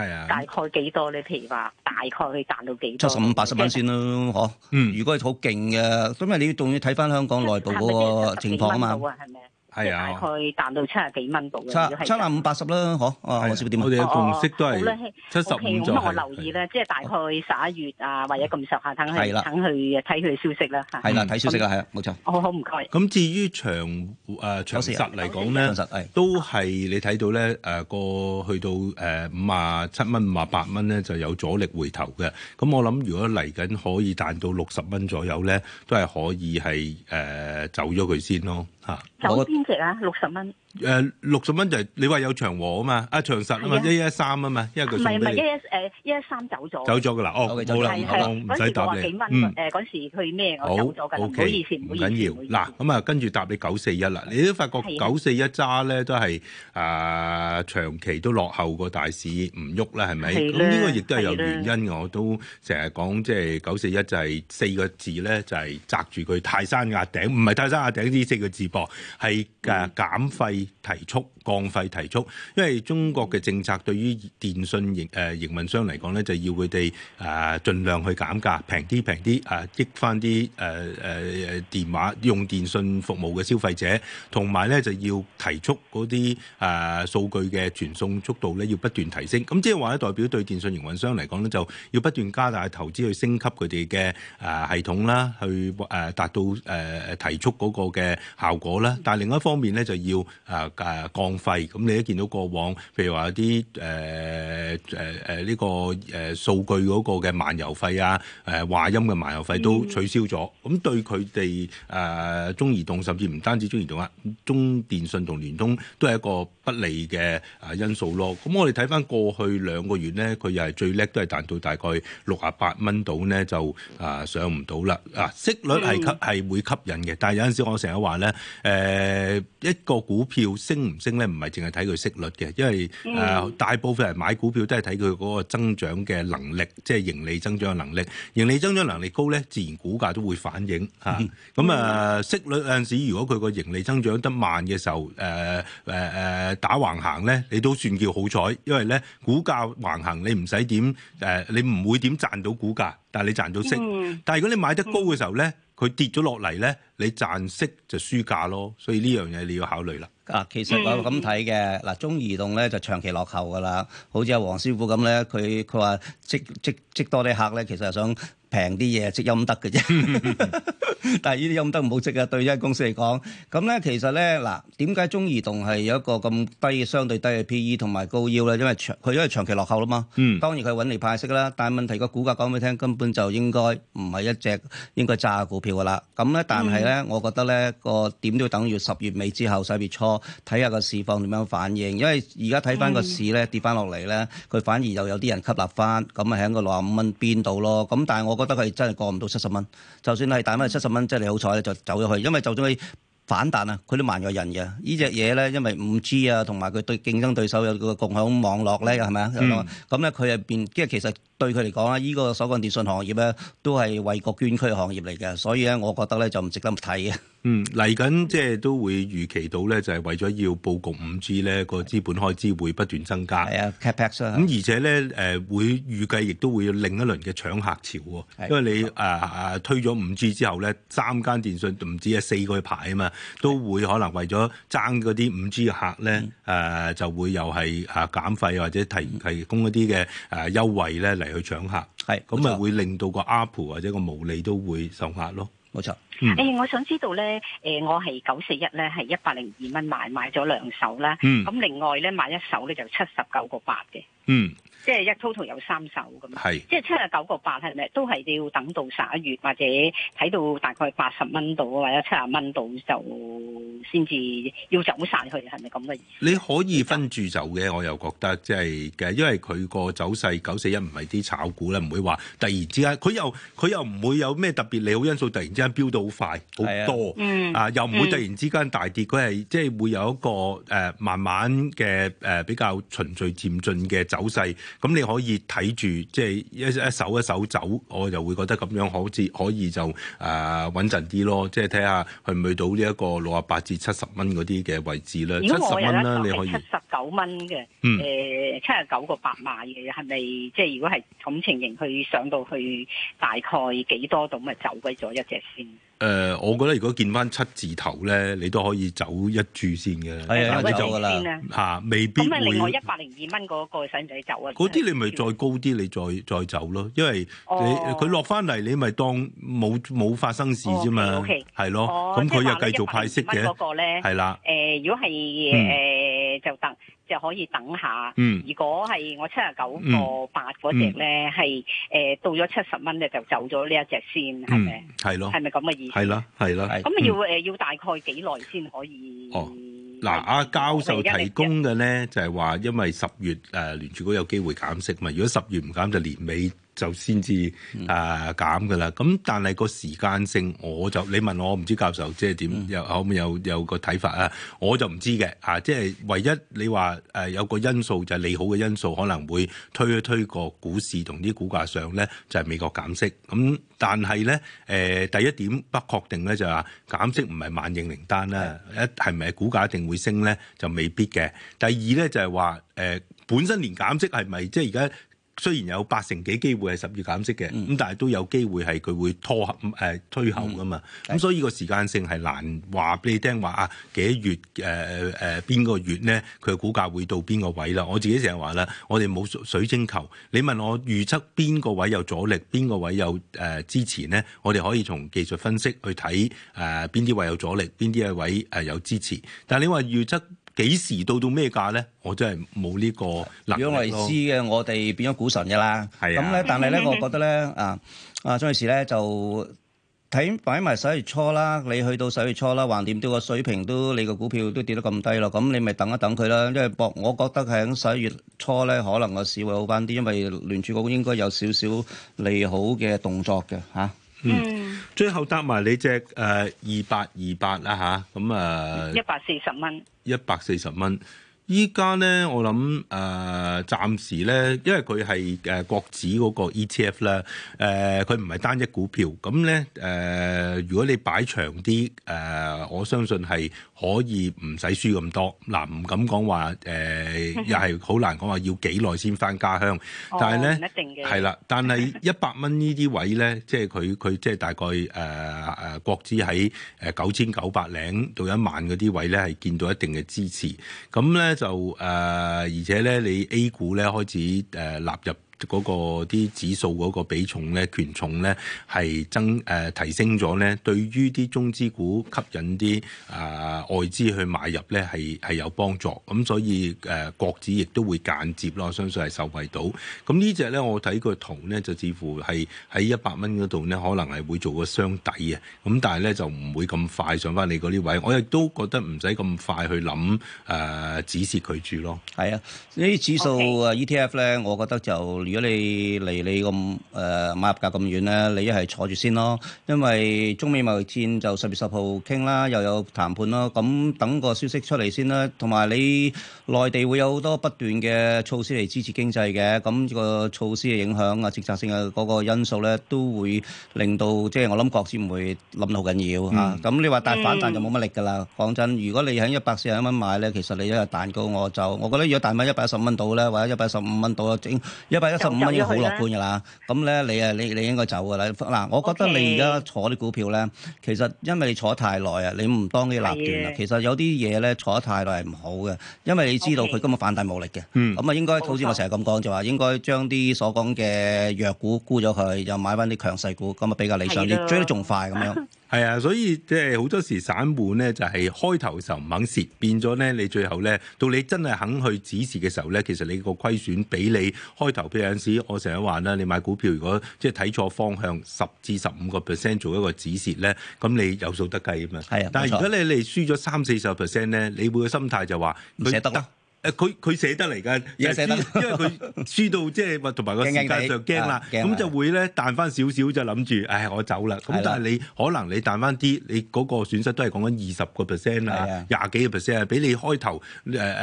係啊，大概幾多咧？譬如話，大概可以賺到幾多？七十五八十蚊先咯，嗬。嗯，如果係好勁嘅，咁你仲要睇翻香港內部嗰個情況啊嘛。即係大概彈到七十幾蚊到嘅，七，七十五，八十啦，嗬，我知個點啊。我哋嘅共識都係七十五咗。o 我留意咧，即係大概十一月啊，或者咁上下，等佢等佢睇佢消息啦嚇。係啦，睇消息啦，係啊，冇錯。好，好唔該。咁至於長誒長實嚟講咧，都係你睇到咧誒個去到誒五十七蚊、五十八蚊咧，就有阻力回頭嘅。咁我諗，如果嚟緊可以彈到六十蚊左右咧，都係可以係誒走咗佢先咯。嚇，走邊隻啊？六十蚊。誒六十蚊就係你話有長和啊嘛，啊長實啊嘛，一一三啊嘛，因為佢唔唔係一一誒一一三走咗走咗㗎啦。哦好啦，唔使唔使答你。嗯，誒嗰時去咩？我走咗㗎啦，唔好以前唔緊要嗱，咁啊跟住答你九四一啦，你都發覺九四一揸咧都係啊長期都落後個大市唔喐啦，係咪？咁呢個亦都係有原因。我都成日講即係九四一就係四個字咧，就係壓住佢泰山壓頂，唔係泰山壓頂呢四個字噃，係誒減費。提速降費提速，因為中國嘅政策對於電信營誒營運商嚟講咧，就要佢哋誒盡量去減價，平啲平啲誒，益翻啲誒誒誒電話用電信服務嘅消費者，同埋咧就要提速嗰啲誒數據嘅傳送速度咧，要不斷提升。咁即係話咧，代表對電信營運商嚟講咧，就要不斷加大投資去升級佢哋嘅誒系統啦，去誒達到誒誒、啊、提速嗰個嘅效果啦。但係另一方面咧，就要啊，啊！降費，咁你都見到過往，譬如話有啲誒誒誒呢個誒數據嗰個嘅漫遊費啊，誒、啊啊啊啊、話音嘅漫遊費都取消咗，咁、嗯、對佢哋誒中移動甚至唔單止中移動啊，中電信同聯通都係一個不利嘅誒因素咯。咁我哋睇翻過去兩個月咧，佢又係最叻，都係彈到大概六啊八蚊度咧就啊上唔到啦。啊，了了啊息率係吸係會吸引嘅，但係有陣時我成日話咧誒一個股票，要升唔升咧，唔係淨係睇佢息率嘅，因為誒、呃、大部分人買股票都係睇佢嗰個增長嘅能力，即係盈利增長嘅能力。盈利增長能力高咧，自然股價都會反映嚇。咁啊，啊，息率有陣時，如果佢個盈利增長得慢嘅時候，誒誒誒打橫行咧，你都算叫好彩，因為咧股價橫行，你唔使點誒，你唔會點賺到股價。但係你賺到息，嗯、但係如果你買得高嘅時候咧，佢跌咗落嚟咧，你賺息就輸價咯，所以呢樣嘢你要考慮啦。啊，其實我咁睇嘅嗱，中移動咧就長期落後噶啦，好似阿黃師傅咁咧，佢佢話積積積多啲客咧，其實係想。平啲嘢即陰德嘅啫，就是、 但係呢啲陰德唔好，即啊！對一公司嚟講，咁咧其實咧嗱，點解中移動係有一個咁低相對低嘅 P E 同埋高腰咧？因為長佢因為長期落後啦嘛，當、嗯、當然佢搵嚟派息啦，但係問題個股價講俾你聽，根本就應該唔係一隻應該揸嘅股票噶啦。咁咧，但係咧，我覺得咧個點都要等於十月尾之後十一月初睇下個市況點樣反應，因為而家睇翻個市咧跌翻落嚟咧，佢反而又有啲人吸納翻，咁啊喺個六啊五蚊邊度咯。咁但係我我覺得佢真係過唔到七十蚊，就算係打返七十蚊，即係你好彩咧就走咗去，因為就算你反彈啊，佢都萬有人嘅。呢隻嘢咧，因為五 G 啊，同埋佢對競爭對手有個共享網絡咧，係咪啊？咁咧佢入邊即係其實。對佢嚟講啦，依、這個所講電信行業咧，都係為國捐軀行業嚟嘅，所以咧，我覺得咧就唔值得睇嘅。嗯，嚟緊即係都會預期到咧的，就係為咗要佈局 5G 咧，個資本開支會不斷增加。係啊，capex 咁而且咧，誒會預計亦都會有另一輪嘅搶客潮喎。的因為你誒誒推咗 5G 之後咧，三間電信唔止係四個牌啊嘛，的都會可能為咗爭嗰啲 5G 客咧，誒的、呃、就會又係誒減費或者提提供一啲嘅誒優惠咧嚟。去搶客，係咁咪，會令到個 ARPU 或者個毛利都會受壓咯，冇錯。誒、嗯欸，我想知道咧，誒，我係九四一咧，係一百零二蚊買，買咗兩手啦，咁、嗯、另外咧買一手咧就七十九個八嘅。嗯即係一 total 有三手咁樣，即係七啊九個八係咪？都係要等到十一月或者睇到大概八十蚊度或者七啊蚊度就先至要走晒去，係咪咁嘅意思？你可以分住走嘅，我又覺得即係嘅，因為佢個走勢九四一唔係啲炒股咧，唔會話突然之間，佢又佢又唔會有咩特別利好因素，突然之間飆到好快好多，啊、嗯、又唔會突然之間大跌，佢係、嗯、即係會有一個誒、呃、慢慢嘅誒、呃、比較循序漸進嘅走勢。咁你可以睇住，即係一一手一手走，我就會覺得咁樣好似可以就誒穩陣啲咯。即係睇下佢去唔去到呢一個六啊八至七十蚊嗰啲嘅位置咧，七十蚊啦，你可以七十九蚊嘅七十九個八萬嘅，係咪、嗯呃、即係如果係咁情形去上到去大概幾多度咪走鬼咗一隻先？誒、呃，我覺得如果見翻七字頭咧，你都可以走一注先嘅啦。係你是走㗎啦、嚇、未必。因為另外一百零二蚊嗰個使唔使走啊？嗰啲你咪再高啲，你再再走咯，因為你佢落翻嚟，你咪當冇冇發生事啫嘛，係咯，咁佢又繼續派息嘅。係啦，誒，如果係誒就等，就可以等下。如果係我七十九個八嗰隻咧，係誒到咗七十蚊咧，就走咗呢一隻先，係咪？係咯，係咪咁嘅意思？係啦，係啦，係。咁要誒要大概幾耐先可以？嗱，阿、啊、教授提供嘅咧就係話，因為十月誒聯、啊、儲局有機會減息嘛，如果十月唔減，就年尾。就先至啊減㗎啦，咁但係個時間性我就你問我，我唔知，教授即係點有可唔有有個睇法啊？我就唔知嘅啊，即係唯一你話有個因素就係、是、利好嘅因素可能會推一推個股市同啲股價上咧，就係、是、美國減息。咁但係咧、呃、第一點不確定咧就係話減息唔係萬應靈丹啦，一係咪股價一定會升咧，就未必嘅。第二咧就係話、呃、本身連減息係咪即係而家？雖然有八成幾機會係十月減息嘅，咁、嗯、但係都有機會係佢會拖後、呃、推後㗎嘛，咁、嗯嗯、所以個時間性係難話俾你聽話啊幾月誒誒邊個月咧佢嘅股價會到邊個位啦？嗯、我自己成日話啦，我哋冇水晶球，你問我預測邊個位有阻力，邊個位有誒支持咧？我哋可以從技術分析去睇誒邊啲位有阻力，邊啲位誒有支持。但係你話預測？幾時到到咩價咧？我真係冇呢個諗咯。如果我哋知嘅，我哋變咗股神嘅啦。係咁咧，但係咧，我覺得咧，啊啊，張女士咧，就睇擺埋十一月初啦。你去到十一月初啦，橫掂跌個水平都你個股票都跌得咁低咯。咁你咪等一等佢啦。因為博，我覺得喺十一月初咧，可能個市會好翻啲，因為聯儲局應該有少少利好嘅動作嘅吓。啊嗯，最後搭埋你隻誒二百二百啦吓？咁、呃、啊，一百四十蚊，一百四十蚊。140< 元 >140 元依家咧，我諗誒、呃，暫時咧，因為佢係誒國指嗰個 ETF 咧、呃，誒佢唔係單一股票，咁咧誒，如果你擺長啲誒、呃，我相信係可以唔使輸咁多。嗱、呃，唔敢講話誒，又係好難講話要幾耐先返家鄉，但係咧係啦，但係一百蚊呢啲位咧，即係佢佢即係大概誒誒、呃、國指喺九千九百零到一萬嗰啲位咧，係見到一定嘅支持，咁咧。就誒、呃，而且咧，你 A 股咧開始誒納、呃、入。嗰個啲指數嗰個比重咧、權重咧係增、呃、提升咗咧，對於啲中資股吸引啲、呃、外資去買入咧係有幫助，咁所以誒、呃、國指亦都會間接咯，相信係受惠到。咁呢隻咧我睇個圖咧就似乎係喺一百蚊嗰度咧，可能係會做個雙底啊。咁但係咧就唔會咁快上返嚟嗰啲位，我亦都覺得唔使咁快去諗止蝕佢住咯。係啊，呢啲指數啊 Okay. ETF 咧，我覺得就～如果你嚟你咁誒買入價咁遠咧，你一係坐住先咯，因為中美貿易戰就十月十號傾啦，又有談判咯，咁等個消息出嚟先啦。同埋你內地會有好多不斷嘅措施嚟支持經濟嘅，咁個措施嘅影響啊、政策性嘅嗰個因素咧，都會令到即係我諗國指唔會諗到好緊要嚇。咁、嗯啊、你話大反彈就冇乜力噶啦。講、嗯、真，如果你喺一百四十蚊買咧，其實你一日彈高我就，我覺得如果彈到一百十蚊到咧，或者一百十五蚊到啊，整一百一十五蚊已經好樂觀㗎啦，咁咧你誒你你應該走㗎啦。嗱，我覺得你而家坐啲股票咧，其實因為你坐太耐啊，你唔當啲立斷啦。的其實有啲嘢咧坐得太耐係唔好嘅，因為你知道佢今日反彈冇力嘅。咁啊 Okay 應該，好似、嗯、我成日咁講就話應該將啲所講嘅弱股沽咗佢，又買翻啲強勢股，咁啊比較理想啲，的追得仲快咁樣。 係啊，所以即係好多時散戶咧，就係開頭嘅時候唔肯蝕，變咗咧你最後咧到你真係肯去止蝕嘅時候咧，其實你個虧損比你開頭譬如有陣時，我成日話啦，你買股票如果即係睇錯方向十至十五個 percent 做一個止蝕咧，咁你有數得計啊嘛。係啊，但係如果你你輸咗三四十 percent 咧，你個心態就話唔捨得。誒佢佢寫得嚟㗎，寫得，因為佢輸到即係話同埋個時間上驚啦，咁就會咧彈翻少少就諗住，唉我走啦。咁但係你可能你彈翻啲，你嗰個損失都係講緊二十個 percent 啦，廿幾個 percent 啊，俾你開頭誒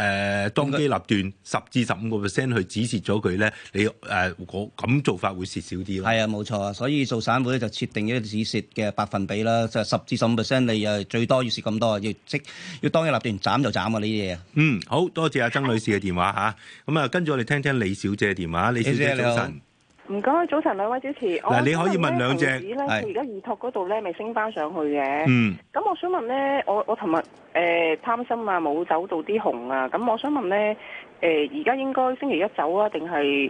誒當機立斷十至十五個 percent 去止蝕咗佢咧，你誒我咁做法會蝕少啲咯。係啊，冇錯啊，所以做散會就設定一啲止蝕嘅百分比啦，就十至十五 percent 你誒最多要蝕咁多，要即要當機立斷斬就斬啊呢啲嘢。嗯，好多謝。曾女士嘅電話嚇，咁啊，跟住我哋聽聽李小姐嘅電話。李小姐早晨，唔該。早晨兩位主持。嗱，你可以問兩隻。係而家兒託嗰度咧，未升翻上去嘅。嗯。咁我想問咧，我我尋日誒貪心啊，冇走到啲紅啊，咁我想問咧，誒而家應該星期一走啊，定係？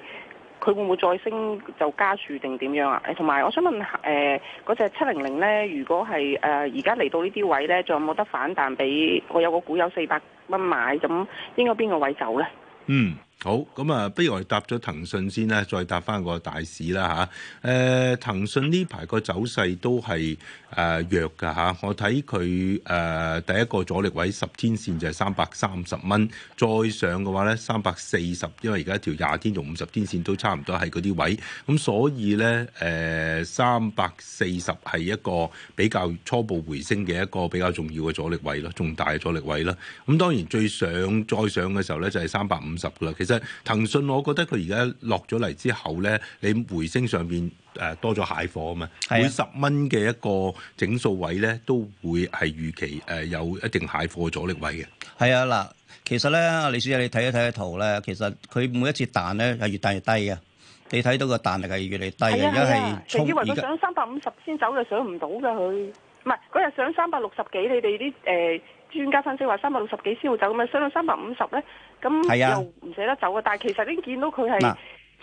佢會唔會再升就加住定點樣啊？誒，同埋我想問誒嗰隻七零零咧，如果係誒而家嚟到呢啲位咧，仲有冇得反彈？俾我有個股有四百蚊買，咁應該邊個位走咧？嗯。好咁啊，不如我搭咗騰訊先啦，再搭翻個大市啦吓。誒、啊，騰訊呢排個走勢都係誒、呃、弱㗎吓，我睇佢誒第一個阻力位十天線就係三百三十蚊，再上嘅話咧三百四十，40, 因為而家一條廿天同五十天線都差唔多係嗰啲位，咁所以咧誒三百四十係一個比較初步回升嘅一個比較重要嘅阻力位咯，重大嘅阻力位啦。咁當然最上再上嘅時候咧就係三百五十啦。其實騰訊，我覺得佢而家落咗嚟之後咧，你回升上邊誒、呃、多咗蟹貨啊嘛，啊每十蚊嘅一個整數位咧，都會係預期誒、呃、有一定蟹貨的阻力位嘅。係啊嗱，其實咧，李小姐你睇一睇個圖咧，其實佢每一次彈咧係越彈越低，看彈越低啊！啊你睇到個彈力係越嚟越低，而家係，你以為佢上三百五十先走就上唔到㗎佢，唔係嗰日上三百六十幾，你哋啲誒。呃專家分析話，三百六十幾先會走咁樣，上到三百五十咧，咁又唔捨得走啊！但係其實已經見到佢係。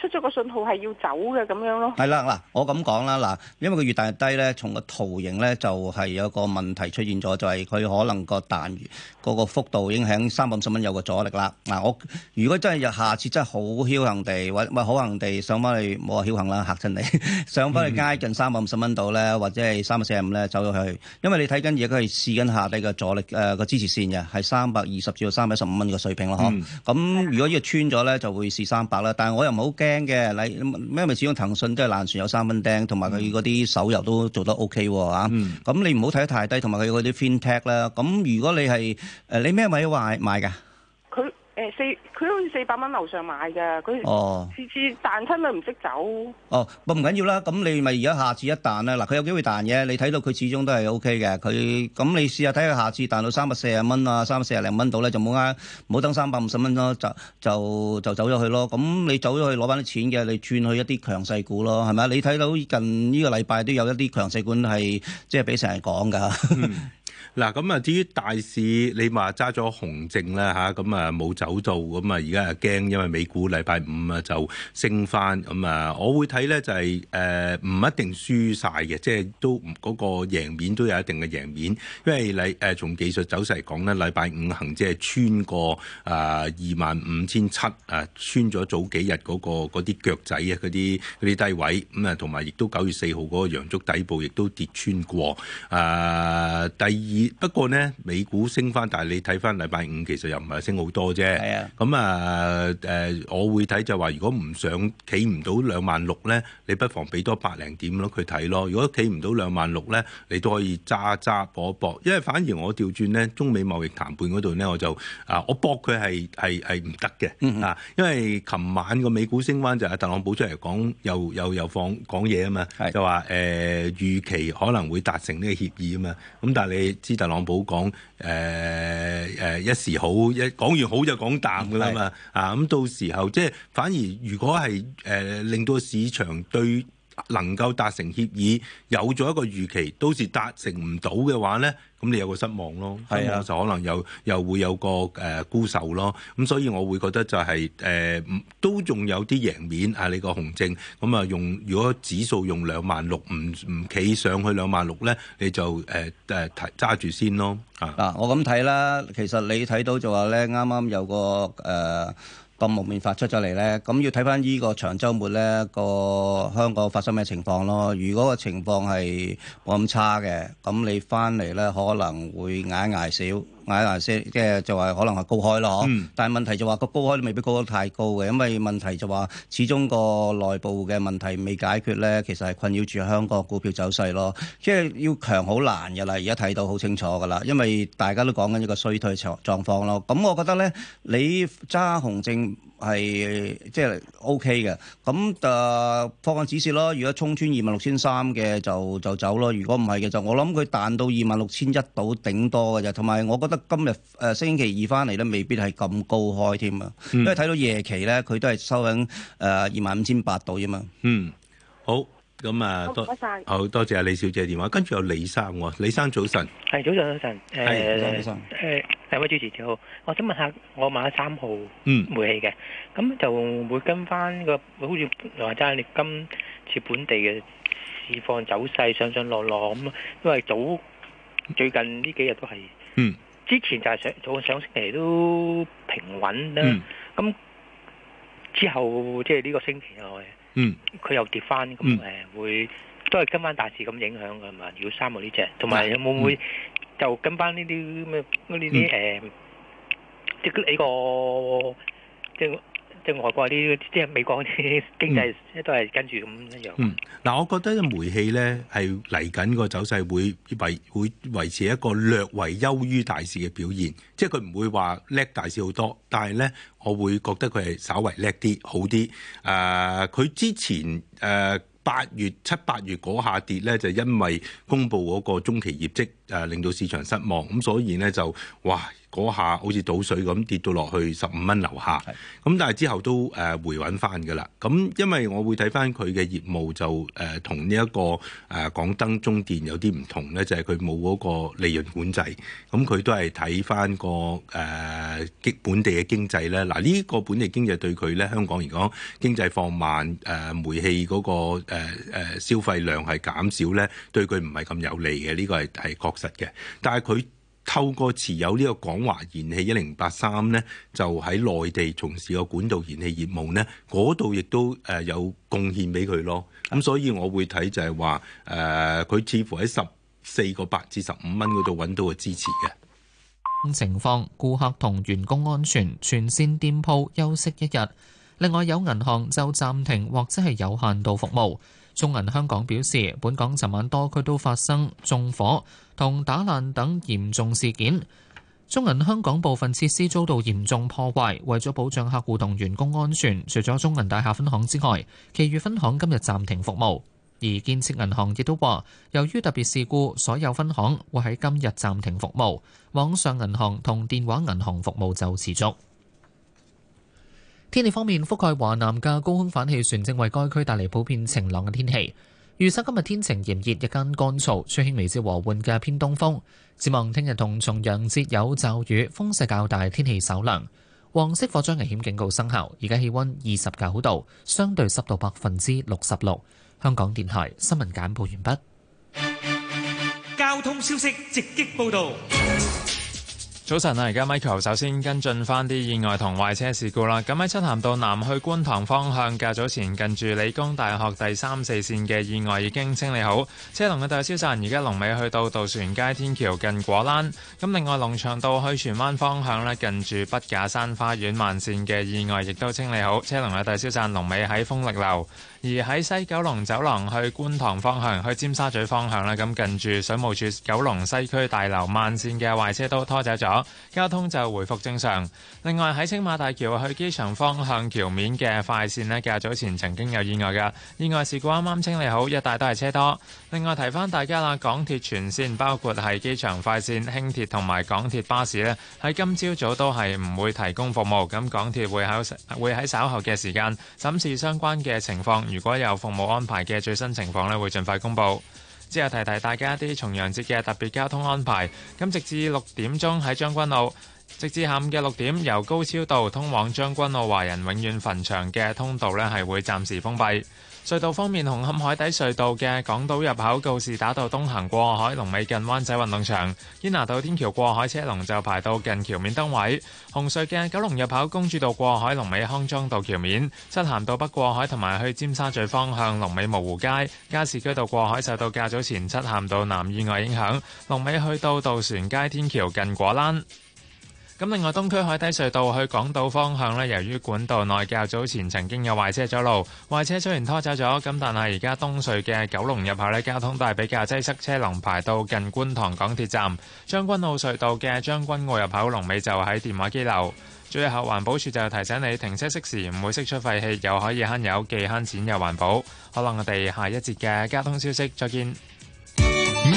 出咗個信號係要走嘅咁樣咯，係啦嗱，我咁講啦嗱，因為佢越大越低咧，從個圖形咧就係有個問題出現咗，就係、是、佢可能個彈弱嗰個幅度影響三百五十蚊有個阻力啦。嗱，我如果真係下次真係好僥幸地，或或好幸地上翻去，唔好話僥幸啦，嚇親你上翻去挨近三百五十蚊度咧，或者係三百四十五咧走咗去，因為你睇緊而家佢係試緊下低嘅阻力誒個、呃、支持線嘅，係三百二十至到三百十五蚊嘅水平咯，嗬，咁如果呢個穿咗咧，就會試三百啦，但係我又唔好驚。聽嘅，你咩咪始終騰訊都係爛船有三蚊釘，同埋佢嗰啲手遊都做得 OK 喎嚇。咁你唔好睇得太低，同埋佢嗰啲 FinTech 啦。咁如果你係誒，你咩位買買㗎？誒，四，佢好似四百蚊樓上買嘅，佢次次彈親佢唔識走哦。哦，咁唔緊要啦，咁你咪而家下次一彈啦，嗱，佢有機會彈嘅，你睇到佢始終都係 OK 嘅，佢咁你試下睇下下次彈到三百四十蚊啊，三百四十零蚊到咧就冇啱，冇等三百五十蚊咯，就就就就走咗去咯。咁你走咗去攞翻啲錢嘅，你轉去一啲強勢股咯，係咪？你睇到近呢個禮拜都有一啲強勢股係即係俾成日講噶。就是嗱，咁啊，至於大市，你話揸咗紅證啦。吓，咁啊冇走到，咁啊而家又驚，因為美股禮拜五啊就升翻，咁啊，我會睇咧就係誒唔一定輸晒嘅，即係都嗰、嗰個贏面都有一定嘅贏面，因為禮誒從技術走勢嚟講咧，禮拜五行即係穿過啊二萬五千七啊，穿咗早幾日嗰個嗰啲腳仔啊，嗰啲嗰啲低位，咁啊同埋亦都九月四號嗰個陽燭底部亦都跌穿過啊，第二。不過呢，美股升翻，但係你睇翻禮拜五其實又唔係升好多啫。係啊，咁啊、呃、我會睇就話，如果唔想企唔到兩萬六咧，你不妨俾多百零點咯佢睇咯。如果企唔到兩萬六咧，你都可以揸揸搏一搏。因為反而我調轉呢，中美貿易談判嗰度呢，我就啊，我搏佢係係係唔得嘅啊，因為琴晚個美股升翻就阿、係、特朗普出嚟講又又又放講嘢啊嘛，的就話誒、呃、預期可能會達成呢個協議啊嘛，咁但係你知。特朗普講誒誒，一時好，一講完好就講淡噶啦嘛是啊，咁到時候即係反而如果係誒、呃、令到市場對。能夠達成協議，有咗一個預期，到時達成唔到嘅話呢，咁你有個失望咯，咁就可能又是、啊、又會有個誒、呃、沽售咯。咁所以我會覺得就係、是、誒、呃，都仲有啲贏面啊！你個紅證咁啊，用如果指數用兩萬六，唔唔企上去兩萬六呢，你就誒揸住先咯。啊，啊，我咁睇啦，其實你睇到就話呢，啱啱有個誒。呃個蒙面法出咗嚟咧，咁要睇翻呢個長週末咧，個香港發生咩情況咯。如果個情況係冇咁差嘅，咁你翻嚟咧，可能會捱捱少。嗌嗱先，即係就話可能係高開咯，但係問題就話個高開都未必高得太高嘅，因為問題就話始終個內部嘅問題未解決咧，其實係困擾住香港股票走勢咯。即係要強好難嘅啦，而家睇到好清楚㗎啦，因為大家都講緊一個衰退狀狀況咯。咁我覺得咧，你揸紅政。係即係 OK 嘅，咁誒、呃、放緊指示咯。如果衝穿二萬六千三嘅就就走咯。如果唔係嘅就我諗佢彈到二萬六千一到頂多嘅啫。同埋我覺得今日誒、呃、星期二翻嚟咧，未必係咁高開添啊。嗯、因為睇到夜期咧，佢都係收緊誒二萬五千八度啫嘛。呃、25，嗯，好。咁啊、哦，多唔該好多謝阿李小姐嘅電話。跟住有李生，李生早晨，係早晨早晨，係是早晨早晨。誒、呃，位、呃、主持你好，我想問下，我問下三號煤氣嘅，咁、嗯、就會跟翻個好似你話齋你今次本地嘅市況走勢上上落落咁，因為早最近呢幾日都係，嗯、之前就係上上星期都平穩啦，咁、嗯、之後即係呢個星期內。嗯，佢又跌翻咁，誒會都係今晚大市咁影響㗎嘛？如果三號呢隻，同埋有冇會,會就跟翻呢啲咩呢啲誒，即係呢、這個即係。這個即係外國啲，即係美國啲經濟、嗯、都係跟住咁一樣。嗱、嗯，我覺得煤氣咧係嚟緊個走勢會維會維持一個略為優於大市嘅表現，即係佢唔會話叻大市好多，但係咧，我會覺得佢係稍為叻啲好啲。誒、呃，佢之前誒八、呃、月、七八月嗰下跌咧，就因為公布嗰個中期業績誒、呃，令到市場失望，咁、嗯、所以咧就哇～嗰下好似倒水咁跌到落去十五蚊樓下，咁但係之後都誒回穩翻噶啦。咁因為我會睇翻佢嘅業務就，就誒同呢一個誒港燈中電有啲唔同咧，就係佢冇嗰個利潤管制。咁佢都係睇翻個誒基本地嘅經濟咧。嗱、這、呢個本地經濟對佢咧香港而講經濟放慢，誒煤氣嗰個誒消費量係減少咧，對佢唔係咁有利嘅。呢、這個係係確實嘅，但係佢。透過持有呢個廣華燃氣一零八三呢，就喺內地從事個管道燃氣業務呢，嗰度亦都誒有貢獻俾佢咯。咁所以我會睇就係話誒，佢、呃、似乎喺十四個八至十五蚊嗰度揾到個支持嘅情況。顧客同員工安全，全線店鋪休息一日。另外有銀行就暫停或者係有限度服務。中銀香港表示，本港尋晚多區都發生縱火同打爛等嚴重事件。中銀香港部分設施遭到嚴重破壞，為咗保障客戶同員工安全，除咗中銀大廈分行之外，其餘分行今日暫停服務。而建設銀行亦都話，由於特別事故，所有分行會喺今日暫停服務，網上銀行同電話銀行服務就持續。天氣方面，覆蓋華南嘅高空反氣旋正為該區帶嚟普遍晴朗嘅天氣。預測今日天晴炎熱，日間乾燥，吹輕微至和緩嘅偏東風。展望聽日同重陽節有驟雨，風勢較大，天氣稍涼。黃色火災危險警告生效。而家氣溫二十九度，相對濕度百分之六十六。香港電台新聞簡報完畢。交通消息直擊報道。早晨啊，而家 Michael 首先跟進翻啲意外同壞車事故啦。咁喺漆咸道南去觀塘方向較早前近住理工大學第三四線嘅意外已經清理好，車龍嘅大消散，而家龍尾去到渡船街天橋近果欄。咁另外龍翔道去荃灣方向呢，近住筆架山花園慢線嘅意外亦都清理好，車龍嘅大消散，龍尾喺豐力樓。而喺西九龍走廊去觀塘方向、去尖沙咀方向咁近住水務處九龍西區大樓慢線嘅壞車都拖走咗，交通就回復正常。另外喺青馬大橋去機場方向橋面嘅快線咧，較早前曾經有意外嘅，意外事故啱啱清理好，一帶都係車多。另外提翻大家啦，港鐵全線包括係機場快線、輕鐵同埋港鐵巴士咧，喺今朝早都係唔會提供服務。咁港鐵會喺會喺稍後嘅時間審視相關嘅情況。如果有服務安排嘅最新情況咧，會盡快公布。之後提提大家一啲重陽節嘅特別交通安排。咁直至六點鐘喺將軍澳，直至下午嘅六點，由高超道通往將軍澳華人永遠墳場嘅通道咧，係會暫時封閉。隧道方面，紅磡海底隧道嘅港島入口告士打道東行過海，龍尾近灣仔運動場；堅拿道天橋過海車龍就排到近橋面燈位。紅隧嘅九龍入口公主道過海龍尾康莊道橋面，漆鹹道北過海同埋去尖沙咀方向龍尾蕪湖街。加士居道過海受到較早前漆鹹道南意外影響，龍尾去到渡船街天橋近果欄。咁另外，東區海底隧道去港島方向咧，由於管道內較早前曾經有壞車阻路，壞車雖然拖走咗，咁但係而家東隧嘅九龍入口咧，交通都係比較擠塞，車龍排到近觀塘港鐵站。將軍澳隧道嘅將軍澳入口龍尾就喺電話機樓。最後環保署就提醒你，停車熄匙唔會釋出廢氣，又可以慳油，既慳錢又環保。可能我哋下一節嘅交通消息，再見。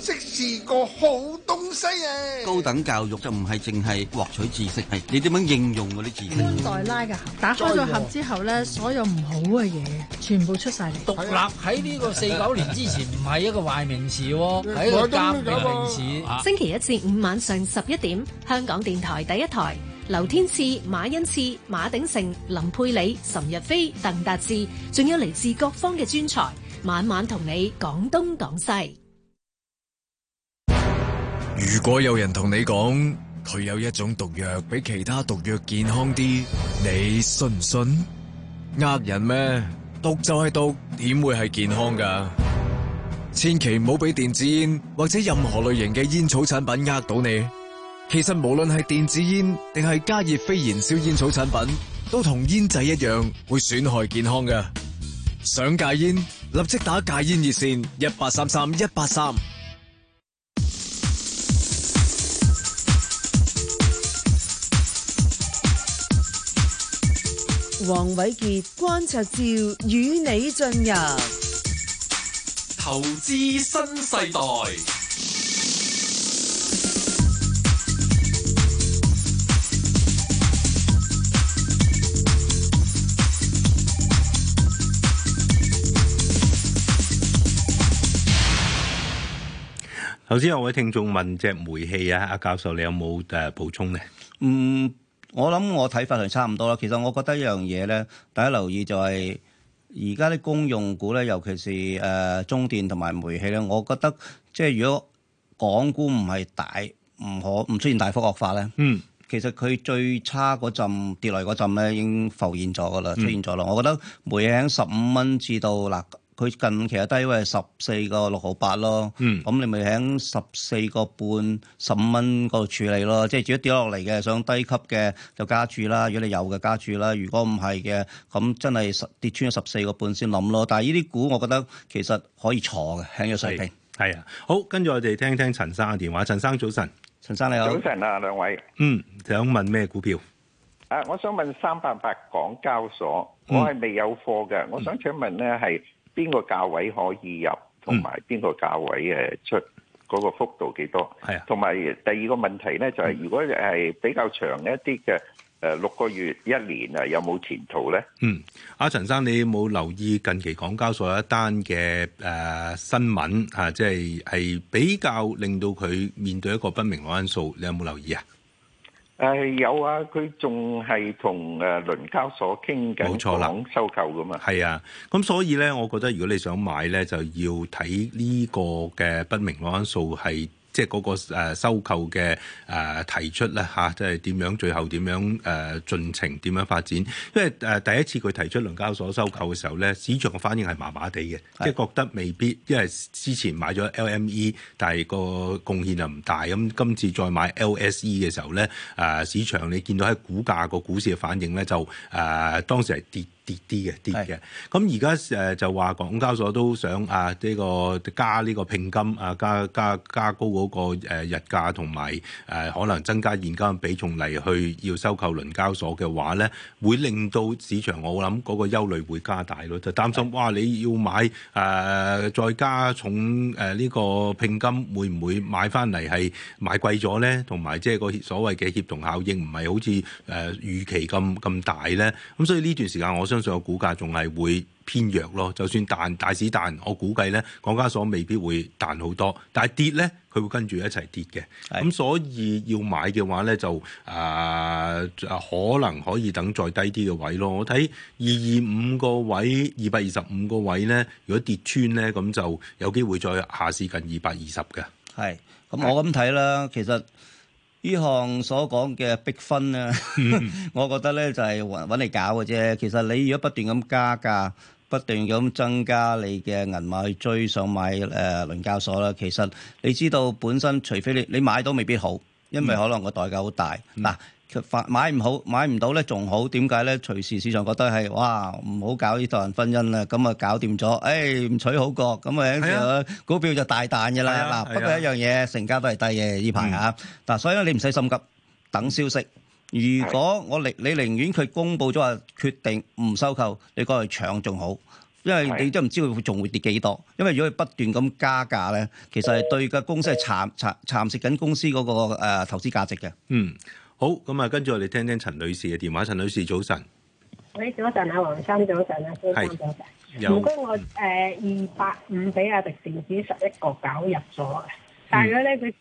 知識是個好東西誒。高等教育就唔係淨係獲取知識，係你點樣應用嗰啲知識。潘多拉㗎，打開咗盒之後咧，所有唔好嘅嘢全部出晒嚟。獨立喺呢個四九年之前唔係一個壞名詞喎，喺度監嘅名詞。星期一至五晚上十一點，香港電台第一台，劉天賜、馬恩賜、馬鼎盛、林佩理、岑日飛、鄧達志，仲有嚟自各方嘅專才，晚晚同你講東講西。如果有人同你講佢有一種毒藥比其他毒藥健康啲，你信唔信？呃人咩？毒就係毒，點會係健康㗎？千祈唔好俾電子煙或者任何類型嘅煙草產品呃到你。其實無論係電子煙定係加熱非燃燒煙草產品，都同煙仔一樣會損害健康㗎。想戒煙，立即打戒煙熱線一八三三一八三。18 33, 18黃瑋傑關焯照與你進入投資新世代，新世代。頭先有位聽眾問隻煤氣啊，阿教授你有冇誒補充呢？嗯。我諗我睇法就係差唔多啦。其實我覺得一樣嘢咧，大家留意就係而家啲公用股咧，尤其是誒、呃、中電同埋煤氣咧。我覺得即係如果港股唔係大，唔可唔出現大幅惡化咧。嗯，其實佢最差嗰陣跌落嚟嗰陣咧，已經浮現咗噶啦，出現咗啦。我覺得煤氣喺十五蚊至到喇。佢近期嘅低位係十四個六毫八咯，咁、嗯、你咪喺十四個半十五蚊嗰度處理咯。即係如果跌落嚟嘅，想低級嘅就加注啦，如果你有嘅加注啦。如果唔係嘅，咁真係跌穿咗十四個半先諗咯。但係呢啲股，我覺得其實可以坐嘅，喺個水平，係啊，好，跟住我哋聽聽陳生嘅電話。陳生早晨，陳生你好，早晨啊，兩位。嗯，想問咩股票？啊，我想問三百八港交所，我係未有貨嘅，嗯、我想請問咧係。嗯邊個價位可以入，同埋邊個價位誒出，嗰個幅度幾多？係啊、嗯，同埋第二個問題咧、就係，就係、嗯、如果誒比較長一啲嘅誒六個月、一年啊，有冇前途咧？嗯，阿陳生，你有冇留意近期港交所有一單嘅誒新聞啊？即係係比較令到佢面對一個不明朗因素，你有冇留意啊？誒有啊，佢仲係同誒倫交所傾緊，冇錯啦，講收購噶嘛。係啊，咁所以咧，我覺得如果你想買咧，就要睇呢個嘅不明朗因素係。即係嗰個收購嘅誒提出咧嚇，即係點樣最後點樣誒、啊、進程點樣發展？因為誒第一次佢提出倫交所收購嘅時候咧，市場嘅反應係麻麻地嘅，的即係覺得未必，因為之前買咗 LME，但係個貢獻又唔大咁，今次再買 LSE 嘅時候咧，誒、啊、市場你見到喺股價個股市嘅反應咧，就、啊、誒當時係跌。跌啲嘅，跌嘅。咁而家誒就話港交所都想啊呢、這個加呢個聘金啊加加加高嗰個日價同埋誒可能增加現金比重嚟去要收購倫交所嘅話咧，會令到市場我諗嗰個憂慮會加大咯，就擔心是哇你要買誒、啊、再加重誒呢個聘金會唔會買翻嚟係買貴咗咧？同埋即係個所謂嘅協同效應唔係好似誒預期咁咁大咧？咁所以呢段時間我。相信個股價仲係會偏弱咯，就算彈大市彈，我估計咧，港交所未必會彈好多。但係跌咧，佢會跟住一齊跌嘅。咁的所以要買嘅話咧，就啊、呃、可能可以等再低啲嘅位咯。我睇二二五個位，二百二十五個位咧，如果跌穿咧，咁就有機會再下市近二百二十嘅。係，咁我咁睇啦，其實。呢項所講嘅逼婚咧， 我覺得咧就係、是、搵你搞嘅啫。其實你如果不斷咁加價，不斷咁增加你嘅銀碼去追，上買誒倫、呃、交所啦。其實你知道本身，除非你你買都未必好，因為可能個代價好大。嗱、嗯。發買唔好買唔到咧，仲好。點解咧？隨時市場覺得係哇，唔好搞呢段婚姻啦，咁啊搞掂咗，誒唔娶好過，咁啊股票就大彈嘅啦。嗱，不過一樣嘢，成交都係低嘅呢排吓。嗱，所以咧你唔使心急，等消息。如果我寧你寧願佢公布咗話決定唔收購，你過去搶仲好，因為你都唔知佢會仲會跌幾多。因為如果佢不斷咁加價咧，其實係對嘅公司係蠶蠶蠶食緊公司嗰個誒投資價值嘅。嗯。好，咁啊，跟住我哋聽聽陳女士嘅電話。陳女士，早晨。喂，早晨啊，黃生，早晨啊，關生，早晨。唔該我誒二八五，比、呃、亞迪電子十一個骨入咗，但係咧佢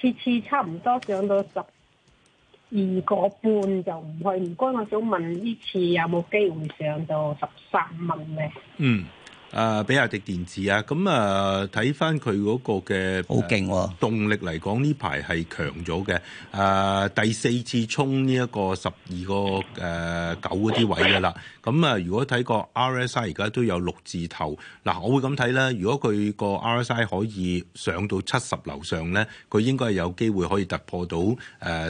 次次差唔多上到十二個半，就唔去。唔該，我想問呢次有冇機會上到十三蚊咧？嗯。誒，比亞、啊、迪電池啊，咁啊，睇翻佢嗰個嘅好勁、啊、動力嚟講，呢排係強咗嘅。誒、啊，第四次衝呢一個十二個誒九嗰啲位嘅啦。咁的啊，如果睇個 RSI 而家都有六字頭，嗱，我會咁睇啦。如果佢個 RSI 可以上到七十樓上咧，佢應該係有機會可以突破到誒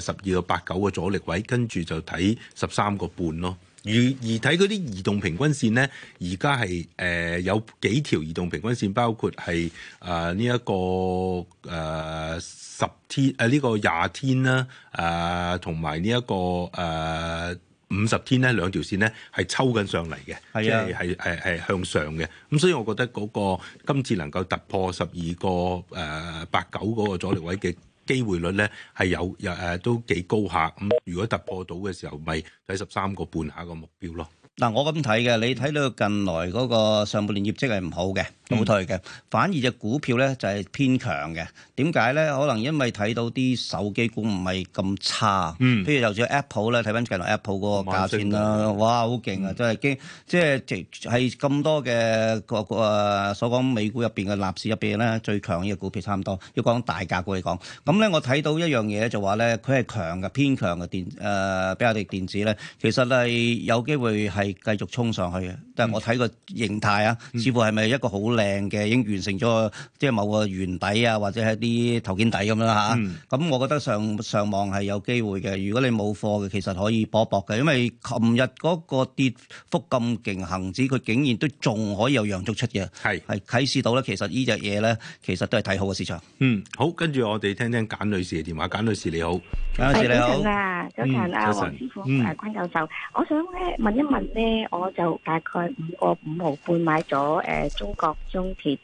十二個八九個阻力位，跟住就睇十三個半咯。而而睇嗰啲移動平均線咧，而家係誒有幾條移動平均線，包括係啊呢一個誒、呃、十天誒呢、呃呢個廿天啦，誒同埋呢一個誒、呃、五十天咧兩條線咧係抽緊上嚟嘅，啊、即係係係係向上嘅。咁所以我覺得嗰、嗰個今次能夠突破十二個誒八九嗰個阻力位嘅。機會率咧係有，誒都幾高下。咁如果突破到嘅時候，咪睇十三個半下個目標咯。嗱，我咁睇嘅，你睇到近來嗰個上半年業績係唔好嘅，倒退嘅，嗯、反而隻股票咧就係、是、偏強嘅。點解咧？可能因為睇到啲手機股唔係咁差，嗯，譬如就算 Apple 咧，睇翻近來 Apple 嗰個價錢啦、啊，哇，好勁啊！真係即係即係咁多嘅、呃、所講美股入邊嘅納市入邊咧，最強嘅股票差唔多。要講大價股嚟講，咁咧我睇到一樣嘢就話咧，佢係強嘅，偏強嘅電誒、呃、比亞迪電子咧，其實呢，有機會係。繼續衝上去嘅，但係我睇個形態啊，似乎係咪一個好靚嘅，已經完成咗即係某個圓底啊，或者係啲頭肩底咁樣啦嚇。咁我覺得上上望係有機會嘅。如果你冇貨嘅，其實可以搏搏嘅，因為琴日嗰個跌幅咁勁，恆指佢竟然都仲可以有陽燭出嘅，係係啟示到咧。其實呢隻嘢咧，其實都係睇好嘅市場。嗯，好，跟住我哋聽聽簡女士嘅電話。簡女士你好，簡女士你好。早晨啊，早晨啊，黃師傅啊，關教授，我想咧問一問。咧我就大概五個五毫半買咗誒、呃、中國中鐵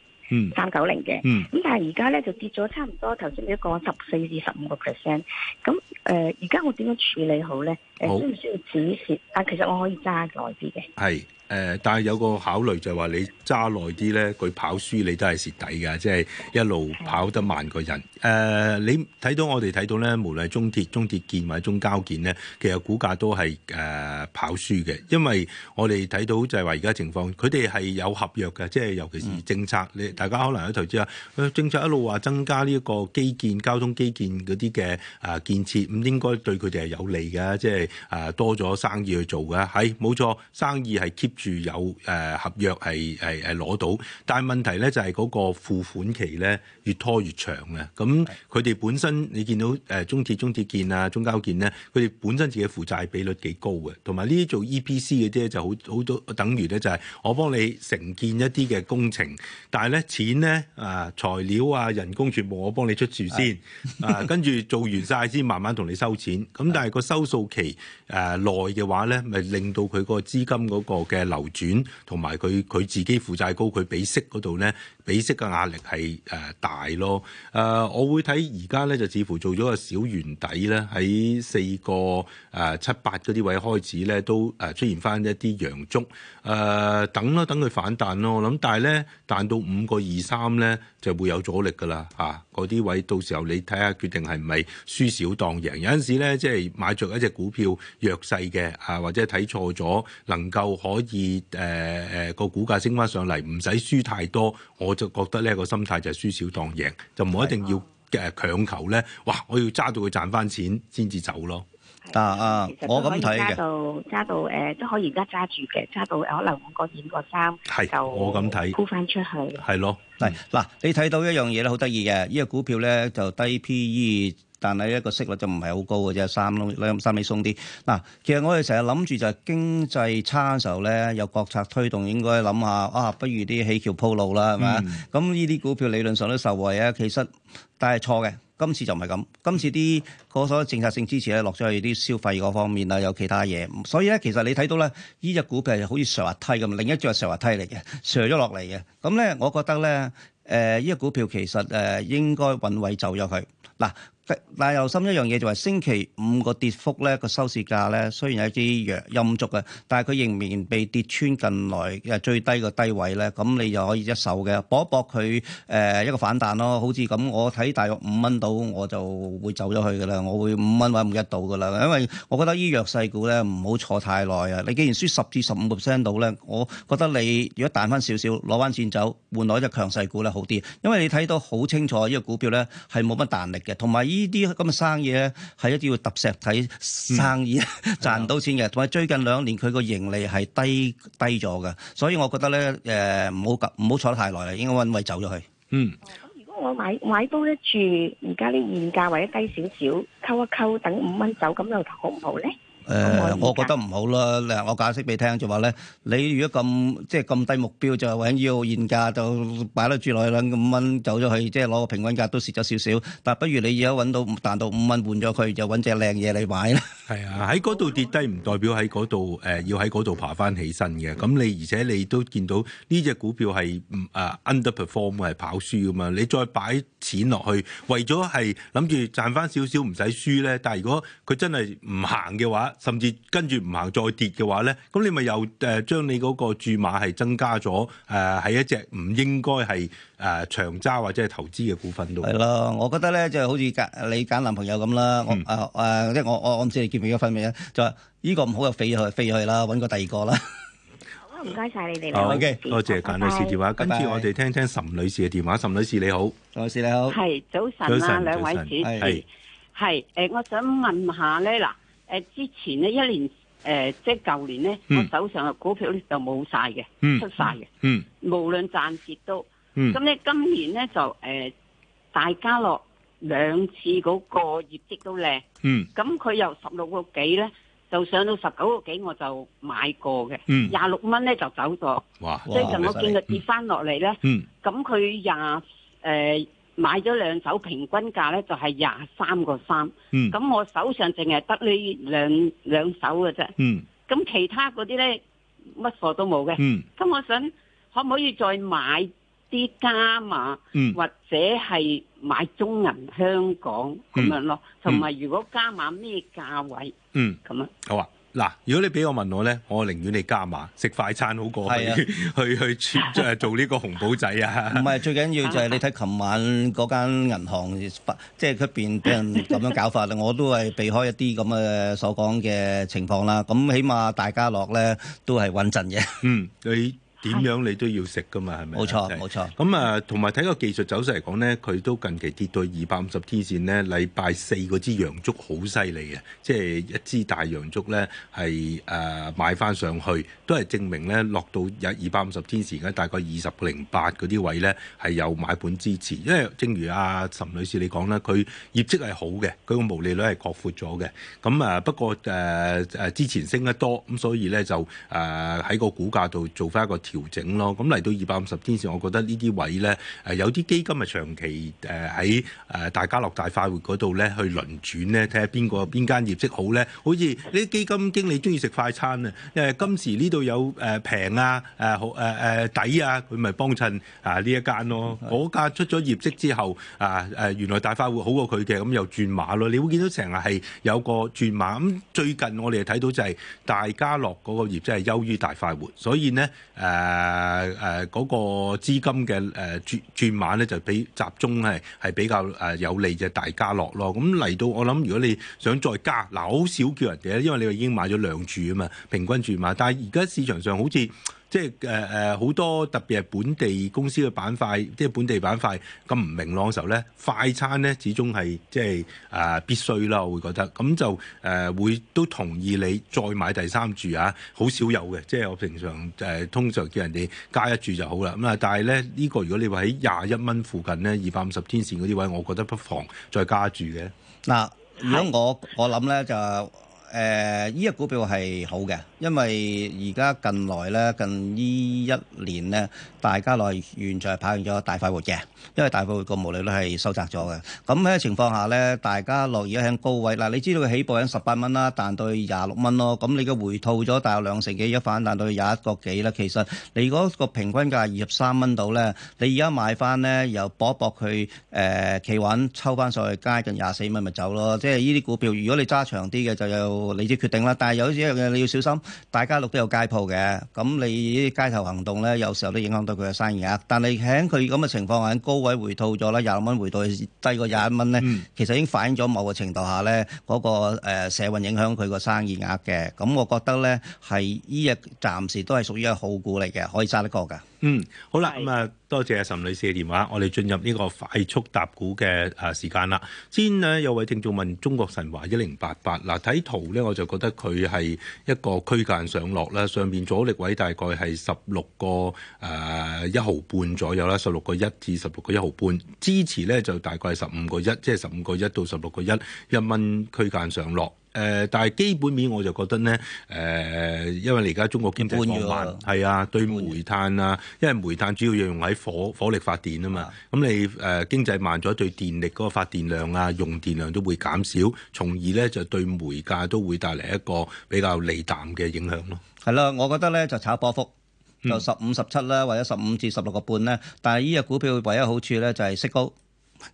三九零嘅，咁、嗯嗯、但係而家咧就跌咗差唔多頭先你講十四至十五個 percent，咁誒而家我點樣處理好咧？需唔需要止蝕？但係其實我可以揸耐啲嘅。係誒，但係有個考慮就係話你揸耐啲咧，佢跑輸你都係蝕底嘅，即係一路跑得慢個人。誒，你睇到我哋睇到咧，無論係中鐵、中鐵建或者中交建咧，其實股價都係誒跑輸嘅，因為我哋睇到就係話而家情況，佢哋係有合約嘅，即係尤其是政策，你大家可能喺投資啊，誒政策一路話增加呢一個基建、交通基建嗰啲嘅誒建設，咁應該對佢哋係有利嘅，即係。啊、多咗生意去做嘅係冇錯，生意係 keep 住有、呃、合約係攞到，但係問題咧就係、是、嗰個付款期咧越拖越長嘅。咁佢哋本身你見到、呃、中鐵、中鐵建啊、中交建咧，佢哋本身自己的負債比率幾高嘅，同埋呢啲做 EPC 嘅啫，就好好多，等於咧就係、是、我幫你承建一啲嘅工程，但係咧錢咧啊材料啊人工全部我幫你出住先， 啊跟住做完晒先慢慢同你收錢。咁但係個收數期誒，內嘅話咧，咪令到佢個資金嗰個嘅流轉，同埋佢佢自己負債高，佢俾息嗰度咧。比息嘅壓力係誒大咯，誒、呃、我會睇而家咧就似乎做咗個小圓底咧，喺四個誒七八嗰啲位開始咧都誒出現翻一啲陽燭，誒等咯，等佢反彈咯。我諗，但係咧彈到五個二三咧就會有阻力㗎啦嚇，嗰、啊、啲位到時候你睇下決定係咪輸少當贏。有陣時咧即係買着一隻股票弱勢嘅啊，或者睇錯咗能夠可以誒誒個股價升翻上嚟，唔使輸太多我。我就覺得呢個心態就係輸少當贏，就唔一定要誒強求咧。啊、哇！我要揸到佢賺翻錢先至走咯。啊啊，到我咁睇嘅。揸到誒、呃，都可以而家揸住嘅，揸到可能五個點個三。係。就我咁睇。沽翻出去。係咯。嗱嗱的、嗯，你睇到一樣嘢咧，好得意嘅，呢個股票咧就低 P E。但係一個息率就唔係好高嘅啫，三攞三釐鬆啲嗱。其實我哋成日諗住就係經濟差嘅時候咧，有國策推動，應該諗下啊，不如啲起橋鋪路啦，係咪啊？咁呢啲股票理論上都受惠啊。其實但係錯嘅，今次就唔係咁。今次啲嗰所政策性支持咧落咗去啲消費嗰方面啦，有其他嘢，所以咧其實你睇到咧呢隻股票好似上滑梯咁，另一隻係上滑梯嚟嘅，上咗落嚟嘅。咁咧，我覺得咧誒呢隻、呃、股票其實誒、呃、應該揾位走咗佢。嗱。但又深一樣嘢就係星期五個跌幅咧，個收市價咧雖然有啲弱陰燭嘅，但係佢仍然被跌穿近來嘅最低個低位咧，咁你就可以一手嘅，搏一搏佢誒一個反彈咯。好似咁，我睇大約五蚊到，我就會走咗去嘅啦。我會五蚊或者五一度嘅啦，因為我覺得弱勢股咧唔好坐太耐啊。你既然輸十至十五個 percent 到咧，我覺得你如果彈翻少少，攞翻線走，換攞隻強勢股咧好啲，因為你睇到好清楚呢個股票咧係冇乜彈力嘅，同埋。呢啲咁嘅生意咧，係一定要揼石睇生意、嗯， 賺唔到錢嘅。同埋最近兩年佢個盈利係低低咗嘅，所以我覺得咧，誒唔好唔好坐得太耐啦，應該搵位走咗去。嗯，咁如果我買買多一住，而家啲現價或者低少少，溝一溝等五蚊走，咁又好唔好咧？誒，呃、我，我覺得唔好啦。誒，我解釋俾你聽就話咧，你如果咁即係咁低目標，就係緊要現價就擺得住落去啦。五蚊走咗去，即係攞個平均價都蝕咗少少。但係不如你而家揾到彈到五蚊換咗佢，就揾隻靚嘢嚟買啦。係啊，喺嗰度跌低唔代表喺嗰度誒要喺嗰度爬翻起身嘅。咁你而且你都見到呢隻、這個，股票係唔啊 underperform 嘅係跑輸啊嘛。你再擺錢落去，為咗係諗住賺翻少少唔使輸咧。但係如果佢真係唔行嘅話，甚至跟住唔行再跌嘅話咧，咁你咪又誒將你嗰個注碼係增加咗誒，係一隻唔應該係誒長揸或者係投資嘅股份咯。係咯，我覺得咧就係好似揀你揀男朋友咁啦，我誒誒即係我我唔知你結咗婚未？咧，就依個唔好就飛去飛去啦，揾個第二個啦。好，唔該晒你哋。好，OK，多謝簡女士電話。跟住我哋聽聽岑女士嘅電話。岑女士你好，岑女士你好，係早晨啊，兩位主持，係誒，我想問下咧嗱。之前咧一年，誒、呃、即係舊年咧，嗯、我手上嘅股票咧就冇晒嘅，出晒嘅，無論賺蝕都。咁咧、嗯、今年咧就誒、呃，大家樂兩次嗰個業績都靚，咁佢、嗯、由十六個幾咧就上到十九個幾，我就買過嘅，廿六蚊咧就走咗，最近我見佢跌翻落嚟咧，咁佢廿誒。買咗兩手平均價呢，就係廿三個三。咁我手上淨係得呢兩兩手嘅啫。咁、嗯、其他嗰啲呢，乜貨都冇嘅。咁、嗯、我想可唔可以再買啲加碼，嗯、或者係買中銀香港咁、嗯、樣咯？同埋如果加碼咩價位？咁、嗯、樣好啊。嗱，如果你俾我問我咧，我寧願你加碼食快餐好過去是、啊、去去出做呢個紅寶仔啊！唔係，最緊要就係你睇琴晚嗰間銀行即係出邊俾人咁樣搞法 我都係避開一啲咁嘅所講嘅情況啦。咁起碼大家樂咧都係穩陣嘅。嗯。你。點樣你都要食㗎嘛？係咪？冇錯，冇錯。咁啊，同埋睇個技術走勢嚟講咧，佢都近期跌到二百五十天線咧。禮拜四嗰支陽燭好犀利嘅，即係一支大陽燭咧，係、呃、誒買翻上去，都係證明咧落到有二百五十天線而家大概二十零八嗰啲位咧，係有買盤支持。因為正如阿岑女士你講咧，佢業績係好嘅，佢個毛利率係擴闊咗嘅。咁啊，不過誒、呃、之前升得多，咁所以咧就誒喺、呃、個股價度做翻一個。調整咯，咁嚟到二百五十天線，我覺得呢啲位咧，誒有啲基金咪長期誒喺誒大家樂大快活嗰度咧去輪轉咧，睇下邊個邊間業績好咧。好似啲基金經理中意食快餐啊，因為，誒今時呢度有誒平啊，誒好誒誒抵啊，佢咪幫襯啊呢一間咯。嗰間的出咗業績之後啊誒原來大快活好過佢嘅，咁又轉馬咯。你會見到成日係有個轉馬，咁最近我哋睇到就係大家樂嗰個業績係優於大快活，所以咧誒。啊誒誒嗰個資金嘅誒、啊、轉轉碼咧，就比集中係係比較誒有利嘅、就、大家樂咯。咁嚟到我諗，如果你想再加，嗱好少叫人哋咧，因為你已經買咗兩注啊嘛，平均轉碼。但係而家市場上好似，即係誒誒好多特別係本地公司嘅板塊，即係本地板塊咁唔明朗嘅時候咧，快餐咧始終係即係誒、呃、必須啦，我會覺得咁就誒會、呃、都同意你再買第三注啊，好少有嘅，即係我平常誒、呃、通常叫人哋加一注就好啦。咁啊，但係咧呢、呢個如果你話喺廿一蚊附近咧二百五十天線嗰啲位，我覺得不妨再加注嘅。嗱、啊，如果我我諗咧就誒呢、呃、一股票係好嘅。因為而家近來咧，近呢一年咧，大家樂完全係跑完咗大快活嘅，因為大快活個毛利率係收窄咗嘅。咁喺情況下咧，大家樂而家向高位。嗱，你知道佢起步喺十八蚊啦，彈到廿六蚊咯。咁你嘅回吐咗大約兩成幾，一反彈到去廿一個幾啦。其實你嗰個平均價二十三蚊到咧，你而家買翻咧又搏一搏佢誒企穩，抽翻上去接近廿四蚊咪走咯。即係呢啲股票，如果你揸長啲嘅，就由你自己決定啦。但係有一樣嘢你要小心。大家樂都有街鋪嘅，咁你啲街頭行動咧，有時候都影響到佢嘅生意額。但你喺佢咁嘅情況下，高位回吐咗啦，廿蚊回吐低過廿一蚊咧，嗯、其實已經反映咗某個程度下咧，嗰、那個社運影響佢個生意額嘅。咁我覺得咧，係呢日暫時都係屬於一個好股嚟嘅，可以揸得過㗎。嗯，好啦，咁啊是、嗯，多謝阿岑女士嘅電話。我哋進入呢個快速答股嘅啊時間啦。先呢，有位聽眾問中國神華一零八八嗱，睇圖呢，我就覺得佢係一個區間上落啦。上面阻力位大概係十六個誒一毫半左右啦，十六個一至十六個一毫半，支持呢，就大概係十五個一，即係十五個一到十六個一一蚊區間上落。誒、呃，但係基本面我就覺得呢，誒、呃，因為而家中國經濟放慢，係啊，對煤炭啊，因為煤炭主要要用喺火火力發電啊嘛，咁的你誒、呃、經濟慢咗，對電力嗰個發電量啊、用電量都會減少，從而呢就對煤價都會帶嚟一個比較利淡嘅影響咯。係啦，我覺得呢就炒波幅，就十五十七啦，或者十五至十六個半呢。但係呢隻股票唯一好處呢，就係息高。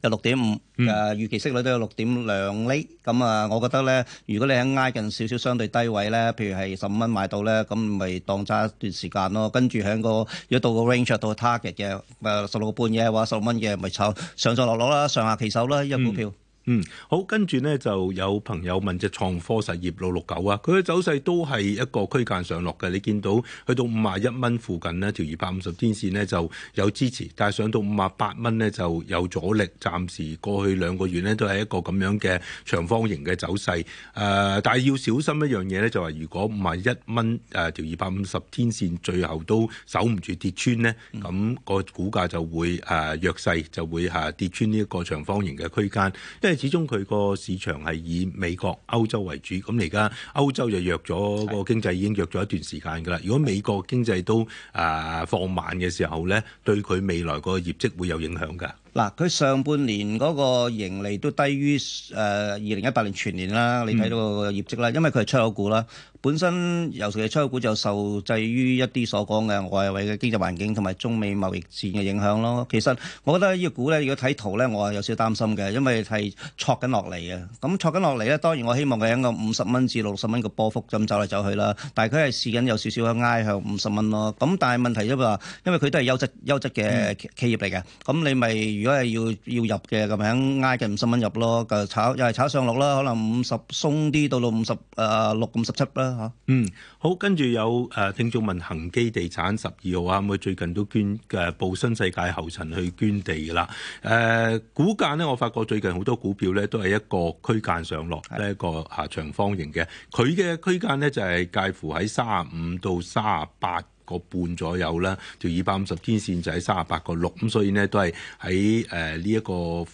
有六點五，誒預期息率都有六點兩厘，咁啊，我覺得咧，如果你喺挨近少少少相對低位咧，譬如係十五蚊買到咧，咁咪當揸一段時間咯。跟住喺個如果到個 range 到個 target 嘅，誒十六個半嘅話，十六蚊嘅咪炒上上落落啦，上下其手啦呢隻股票。嗯嗯，好，跟住呢，就有朋友問隻創科實業六六九啊，佢嘅走勢都係一個區間上落嘅。你見到去到五啊一蚊附近呢，條二百五十天線呢就有支持，但係上到五啊八蚊呢，就有阻力。暫時過去兩個月呢，都係一個咁樣嘅長方形嘅走勢。呃、但係要小心一樣嘢呢，就係如果五啊一蚊誒條二百五十天線最後都守唔住跌穿呢，咁、個股價就會誒、啊、弱勢，就會跌穿呢一個長方形嘅區間，因為始終佢個市場係以美國、歐洲為主，咁而家歐洲就弱咗，個經濟已經弱咗一段時間㗎啦。如果美國經濟都誒、呃、放慢嘅時候呢，對佢未來個業績會有影響㗎。嗱，佢上半年嗰個盈利都低於誒二零一八年全年啦，嗯、你睇到個業績啦，因為佢係出口股啦。本身尤其是出口股就受制於一啲所講嘅外圍嘅經濟環境同埋中美貿易戰嘅影響咯。其實我覺得呢個股咧，如果睇圖呢，我係有少少擔心嘅，因為係挫緊落嚟嘅。咁挫緊落嚟呢，當然我希望佢喺個五十蚊至六十蚊嘅波幅咁走嚟走去啦。但係佢係試緊有少少挨向五十蚊咯。但係問題就因為佢都係優質優質嘅企業嚟嘅，嗯、你咪如果係要要入嘅咁樣挨嘅五十蚊入就炒又係炒上六啦，可能五十鬆啲到到五十六五十七啦。嗯，好，跟住有誒、呃、聽眾問恒基地產十二號啊，咁佢最近都捐嘅步、啊、新世界後塵去捐地啦。誒、啊、股價咧，我發覺最近好多股票咧都係一個區間上落，呢的一個下長方形嘅。佢嘅區間咧就係、係、介乎喺三十五到三十八個半左右啦，條二百五十天線就喺三十八個六，咁所以呢，都係喺誒呢一個誒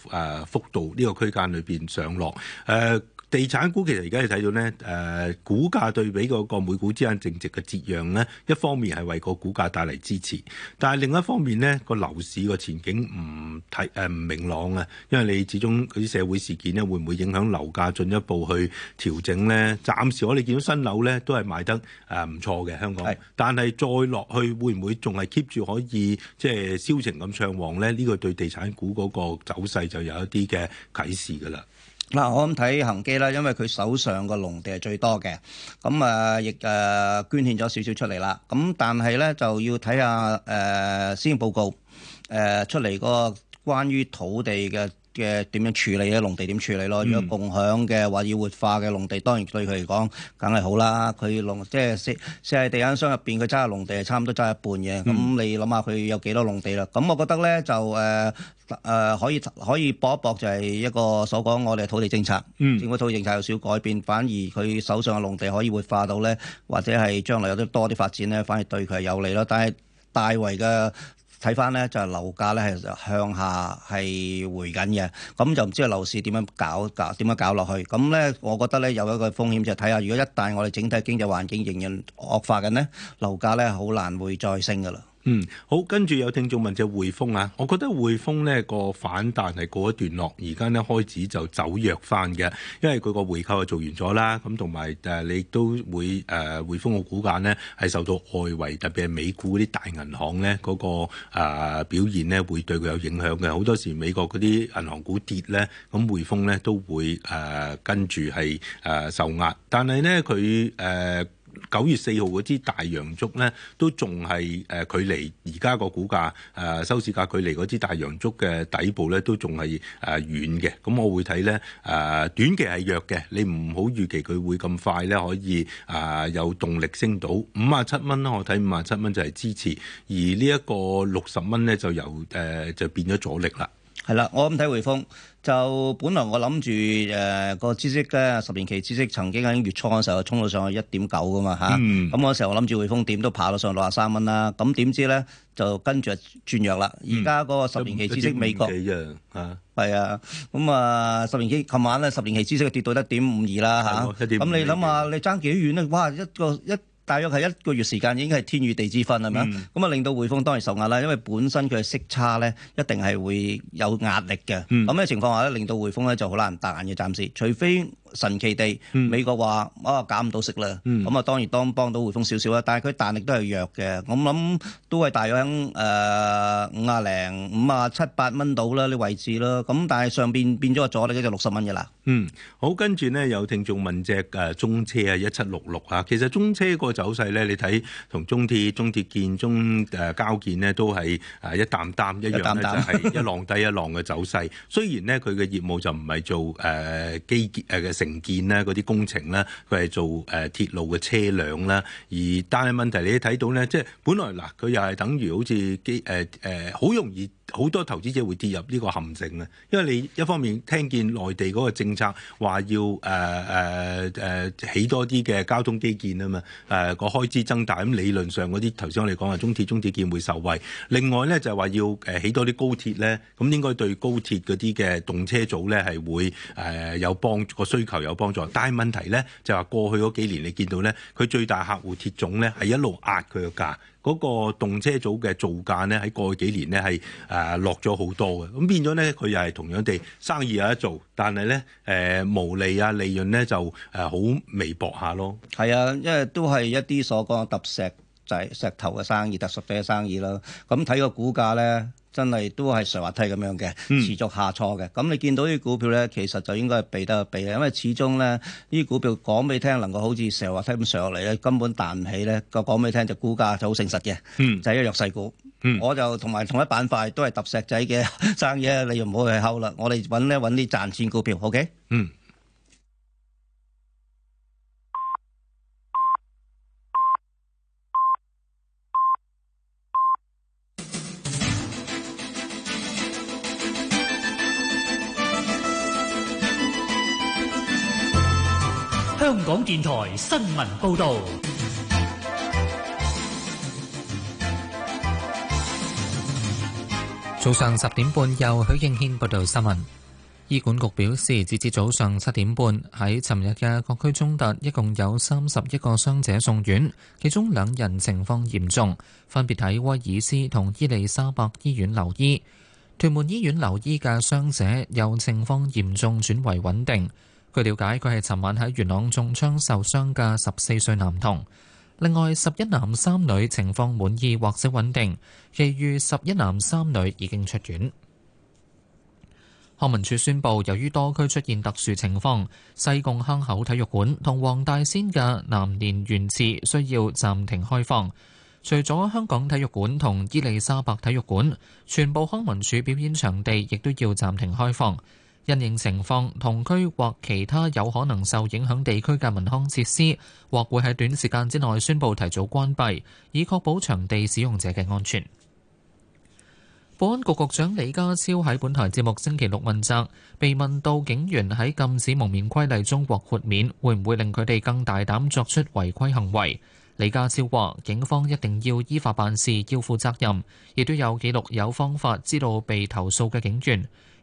幅、呃、度呢、呢個區間裏邊上落誒。呃地產股其實而家你睇到咧，誒股價對比個每股之間淨值嘅折讓咧，一方面係為個股價帶嚟支持，但係另一方面咧，個樓市個前景唔睇誒唔明朗啊，因為你始終嗰啲社會事件咧會唔會影響樓價進一步去調整咧？暫時我哋見到新樓咧都係賣得誒唔錯嘅香港，是但係再落去會唔會仲係 keep 住可以即係銷情咁暢旺咧？呢個對地產股嗰個走勢就有一啲嘅啟示㗎啦。嗱，我咁睇恒基啦，因為佢手上個農地係最多嘅，咁啊亦誒捐獻咗少少出嚟啦，咁但係咧就要睇下誒先報告誒、呃、出嚟個關於土地嘅。嘅點樣處理咧？農地點處理咯？如果共享嘅話，要活化嘅農地，嗯、當然對佢嚟講，梗係好啦。佢農即係四四地產商入邊，佢揸下農地係差唔多揸一半嘅。咁、嗯、你諗下，佢有幾多農地啦？咁我覺得咧，就誒誒、呃呃、可以可以搏一搏，就係一個所講我哋土地政策，嗯、政府土地政策有少改變，反而佢手上嘅農地可以活化到咧，或者係將來有啲多啲發展咧，反而對佢係有利咯。但係大圍嘅。睇翻咧就係樓價咧係向下係回緊嘅，咁就唔知個樓市點樣搞，點樣搞落去？咁咧，我覺得咧有一個風險就係睇下，如果一旦我哋整體經濟環境仍然惡化緊咧，樓價咧好難會再升噶啦。嗯，好。跟住有聽眾問就匯豐啊，我覺得匯豐呢個反彈係過一段落，而家呢開始就走弱翻嘅，因為佢個回購就做完咗啦，咁同埋你都會誒、呃、匯豐個股價呢，係受到外圍特別係美股嗰啲大銀行呢嗰、嗰個、呃、表現呢，會對佢有影響嘅。好多時美國嗰啲銀行股跌呢，咁匯豐呢都會誒、呃、跟住係誒受壓，但係呢，佢誒。呃九月四號嗰支大陽燭咧，都仲係誒距離而家個股價、呃、收市價距離嗰支大陽燭嘅底部咧，都仲係誒遠嘅。咁、呃、我會睇咧、呃、短期係弱嘅，你唔好預期佢會咁快咧可以、呃、有動力升到五啊七蚊。我睇五啊七蚊就係支持，而呢一個六十蚊咧就由、呃、就變咗阻力啦。係啦，我咁睇匯豐，就本來我諗住誒個知識咧，十年期知識曾經喺月初嗰時候衝到上去一點九噶嘛，咁、嗯啊、我時候我諗住匯豐點都爬到上六十三蚊啦，咁點知咧就跟住轉弱啦，而家嗰個十年期知識美國啊，係啊，咁啊十年期琴晚咧十年期知識跌到一點五二啦嚇，咁你諗下，啊你爭幾遠咧？哇，一個一。大約係一個月時間，已經係天與地之分係咪啊？咁、嗯、令到匯豐當然受壓啦，因為本身佢嘅息差呢一定係會有壓力嘅。咁嘅、嗯、情況下咧，令到匯豐就好難彈嘅，暫時，除非。神奇地，美國話、嗯、啊減唔到息啦，咁啊、嗯、當然當幫到匯豐少少啦，但係佢彈力都係弱嘅，我諗都係大約喺誒五啊零五啊七八蚊到啦啲位置咯，咁、呃、但係上邊變咗個阻力就六十蚊嘅啦。嗯，好，跟住呢，有聽眾問隻誒中車啊一七六六啊，66，其實中車個走勢咧，你睇同中鐵、中鐵建、中誒、呃、交建呢，都係誒一擔擔一樣咧，一，袋袋一浪低 一浪嘅走勢。雖然呢，佢嘅業務就唔係做誒、呃、基建嘅、呃建咧，嗰啲工程咧，佢係做誒鐵、呃、路嘅車輛啦。而但係問題你睇到咧，即係本來嗱，佢又係等於好似機誒誒好容易。好多投資者會跌入呢個陷阱，因為你一方面聽見內地嗰個政策話要誒誒、呃呃、起多啲嘅交通基建啊嘛，誒、呃、個開支增大，咁理論上嗰啲頭先我哋講話，中鐵、中鐵建會受惠。另外咧就係、是、話要起多啲高鐵咧，咁應該對高鐵嗰啲嘅動車組咧係會誒、呃、有幫助個需求有幫助。但係問題咧就係、是、話過去嗰幾年你見到咧，佢最大客戶鐵總咧係一路壓佢個價。嗰個動車組嘅造價咧，喺過去幾年咧係誒落咗好多嘅，咁變咗咧佢又係同樣地生意有得做，但係咧誒毛利啊，利潤咧就誒好微薄下咯。係啊，因為都係一啲所講揼石仔、石頭嘅生意、揼石仔嘅生意啦。咁睇個股價咧。真係都係瀡滑梯咁樣嘅，持續下挫嘅。咁、嗯、你見到啲股票咧，其實就應該避得避啦，因為始終咧，呢啲股票講俾你聽能夠好似瀡滑梯咁上落嚟咧，根本彈唔起咧。個講俾你聽就股價就好誠實嘅，就係一弱勢股。嗯、我就同埋同一板塊都係揼石仔嘅生意， 你又唔好去睺啦。我哋揾咧揾啲賺錢股票，OK？嗯。港電台新聞報道：早上十點半，由許應軒報道新聞。醫管局表示，截至早上七點半，喺尋日嘅各區衝突，一共有三十一個傷者送院，其中兩人情況嚴重，分別喺威爾斯同伊利沙伯醫院留醫。屯門醫院留醫嘅傷者由情況嚴重轉為穩定。據了解，佢係尋晚喺元朗中槍受傷嘅十四歲男童。另外，十一男三女情況滿意或者穩定，其餘十一男三女已經出院。康文署宣布，由於多區出現特殊情況，西貢坑口體育館同黃大仙嘅南蓮園池需要暫停開放。除咗香港體育館同伊利沙伯體育館，全部康文署表演場地亦都要暫停開放。因應情況，同區或其他有可能受影響地區嘅文康設施，或會喺短時間之內宣布提早關閉，以確保場地使用者嘅安全。保安局局長李家超喺本台節目星期六問責，被問到警員喺禁止蒙面規例中獲豁免，會唔會令佢哋更大膽作出違規行為？李家超話：警方一定要依法辦事，要負責任，亦都有記錄，有方法知道被投訴嘅警員。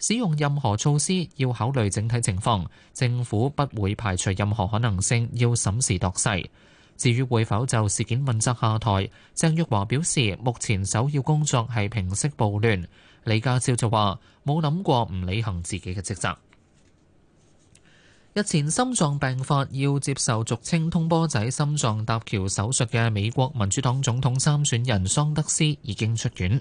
使用任何措施要考慮整體情況，政府不會排除任何可能性，要審時度勢，至於會否就事件問責下台，鄭玉華表示，目前首要工作係平息暴亂，李家超就話冇諗過唔履行自己嘅職責。日前心臟病發要接受俗稱通波仔心臟搭橋手術嘅美國民主黨總統參選人桑德斯已經出院。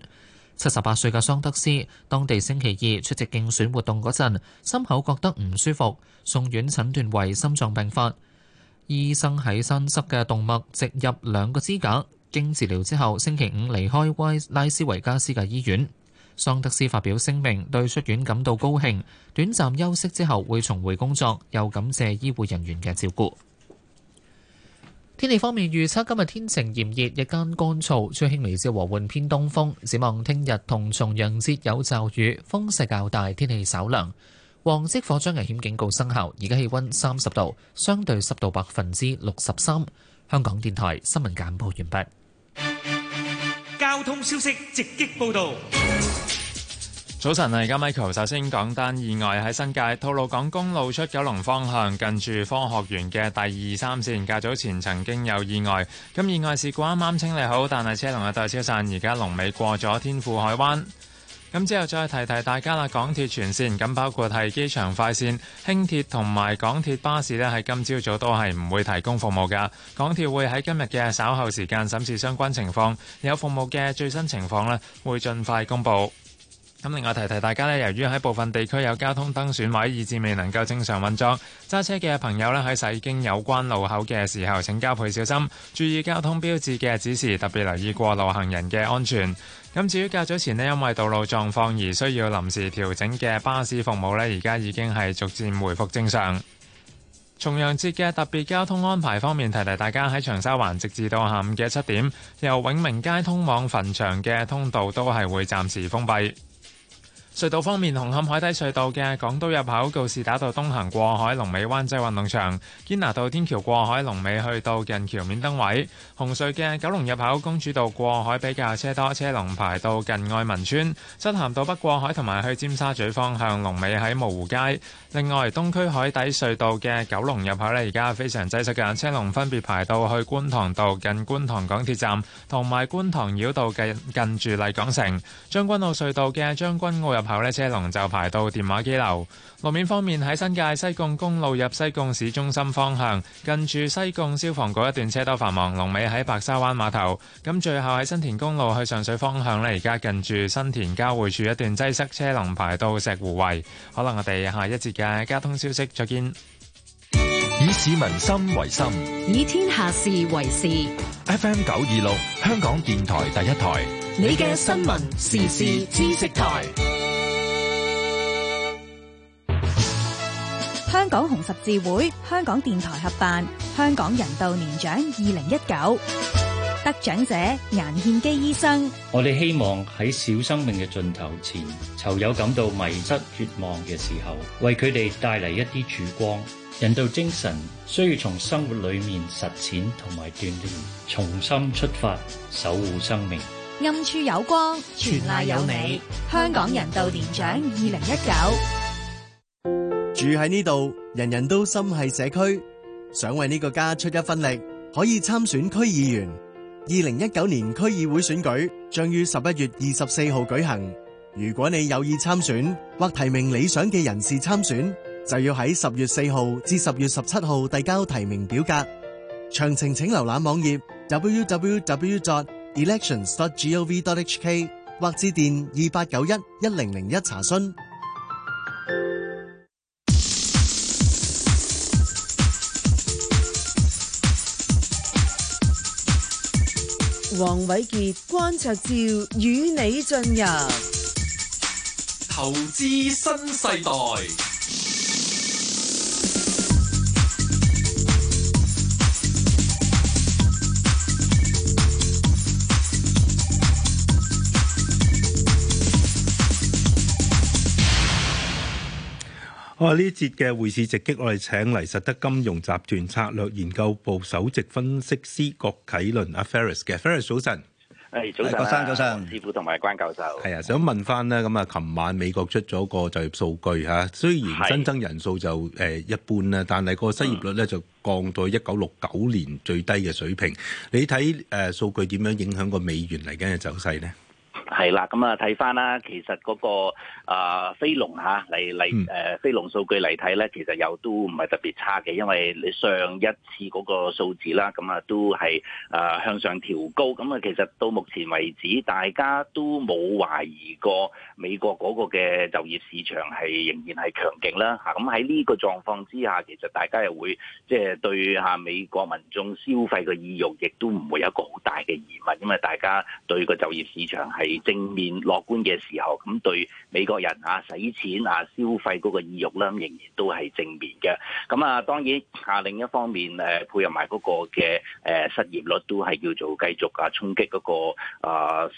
七十八歲嘅桑德斯，當地星期二出席競選活動嗰陣，心口覺得唔舒服，送院診斷為心臟病發。醫生喺心室嘅動脈植入兩個支架，經治療之後，星期五離開拉斯維加斯嘅醫院。桑德斯發表聲明，對出院感到高興，短暫休息之後會重回工作，又感謝醫護人員嘅照顧。天氣方面預測今日天晴炎熱，日間乾燥，吹輕微至和緩偏東風。展望聽日同重陽節有驟雨，風勢較大，天氣稍涼。黃色火災危險警告生效，而家氣溫三十度，相對濕度百分之六十三。香港電台新聞簡報完畢。交通消息直擊報道。早晨，而家 Michael。首先講單意外喺新界吐露港公路出九龍方向，近住科學園嘅第二三線。較早前曾經有意外，咁意外事故啱啱清理好，但係車龍又再車站，而家龍尾過咗天賦海灣。咁之後再提提大家啦，港鐵全線咁包括係機場快線、輕鐵同埋港鐵巴士咧，係今朝早都係唔會提供服務噶，港鐵會喺今日嘅稍後時間審視相關情況，有服務嘅最新情況咧，會盡快公布。咁另外提提大家咧，由於喺部分地區有交通燈損毀，以致未能夠正常運作。揸車嘅朋友咧喺駛經有關路口嘅時候請加倍小心，注意交通標誌嘅指示，特別留意過路行人嘅安全。咁至於較早前咧，因為道路狀況而需要臨時調整嘅巴士服務咧，而家已經，係逐漸回復正常。重陽節嘅特別交通安排方面，提提大家喺長沙灣直至到下午嘅七點，由永明街通往墳場嘅通道都係會暫時封閉。隧道方面，紅磡海底隧道嘅港島入口告士打道東行過海，龍尾灣仔運動場；堅拿道天橋過海，龍尾去到近橋面燈位。紅隧嘅九龍入口公主道過海比較車多，車龍排到近愛民村。漆咸道北過海同埋去尖沙咀方向，龍尾喺蕪湖街。另外，東區海底隧道嘅九龍入口呢，而家非常擠塞嘅，車龍分別排到去觀塘道近觀塘港鐵站，同埋觀塘繞道嘅近，近住麗港城。將軍澳隧道嘅將軍澳入口後呢車龍就排到電話機樓。路面方面喺新界西貢公路入西貢市中心方向，近住西貢消防局一段車都繁忙，龍尾喺白沙灣碼頭。咁最後喺新田公路去上水方向呢，而家近住新田交匯處一段擠塞，車龍排到石湖圍。可能我哋下一節嘅交通消息再見。以市民心為心，以天下事為事。F M 九二六，香港電台第一台，你嘅新聞時事知識台。香港紅十字會、香港電台合辦香港人道年獎二零一九，得獎者顏憲基醫生。我哋希望喺小生命嘅盡頭前，囚友感到迷失、絕望嘅時候，為佢哋帶嚟一啲曙光。人道精神需要從生活裏面實踐同埋鍛煉，重新出發，守護生命。暗處有光，全賴有你。香港人道年獎二零一九。2019暗處有光，全賴有你，香港人道年獎2019。住喺呢度，人人都心繫社區，想為呢個家出一分力，可以參選區議員。二零一九年區議會選舉將於十一月二十四號舉行。如果你有意參選或提名理想嘅人士參選，就要喺十月四號至十月十七號遞交提名表格。詳情請瀏覽網頁 www.elections.gov.hk 或致電二八九一一零零一查詢。黃瑋傑、關焯照，與你進入投資新世代。我喺呢節嘅匯市直擊，我哋請嚟實德金融集團策略研究部首席分析師郭啟麟阿 Ferris 嘅。Ferris 早晨，誒早晨，郭生早晨，師傅同埋關教授。係啊，想問翻，咧，咁啊，琴晚美國出咗個就業數據吓，雖然新增人數就誒一般啦，但係個失業率咧就降到一九六九年最低嘅水平。你睇誒數據點樣影響個美元嚟緊嘅走勢咧？係啦，咁啊睇翻啦，其實嗰、那個、呃、飛啊非農吓嚟嚟誒非農數據嚟睇咧，其實又都唔係特別差嘅，因為你上一次嗰個數字啦，咁、嗯、啊都係誒、呃、向上調高，咁、嗯、啊其實到目前為止，大家都冇懷疑過美國嗰個嘅就業市場係仍然係強勁啦，吓咁喺呢個狀況之下，其實大家又會即係、就是、對下美國民眾消費嘅意慾，亦都唔會有一個好大嘅疑問，因為大家對個就業市場係。正面樂觀嘅時候，咁對美國人啊，使錢啊，消費嗰個意欲啦，仍然都係正面嘅。咁啊，當然啊，另一方面誒，配合埋嗰個嘅誒失業率都係叫做繼續、嗰個、啊，衝擊嗰個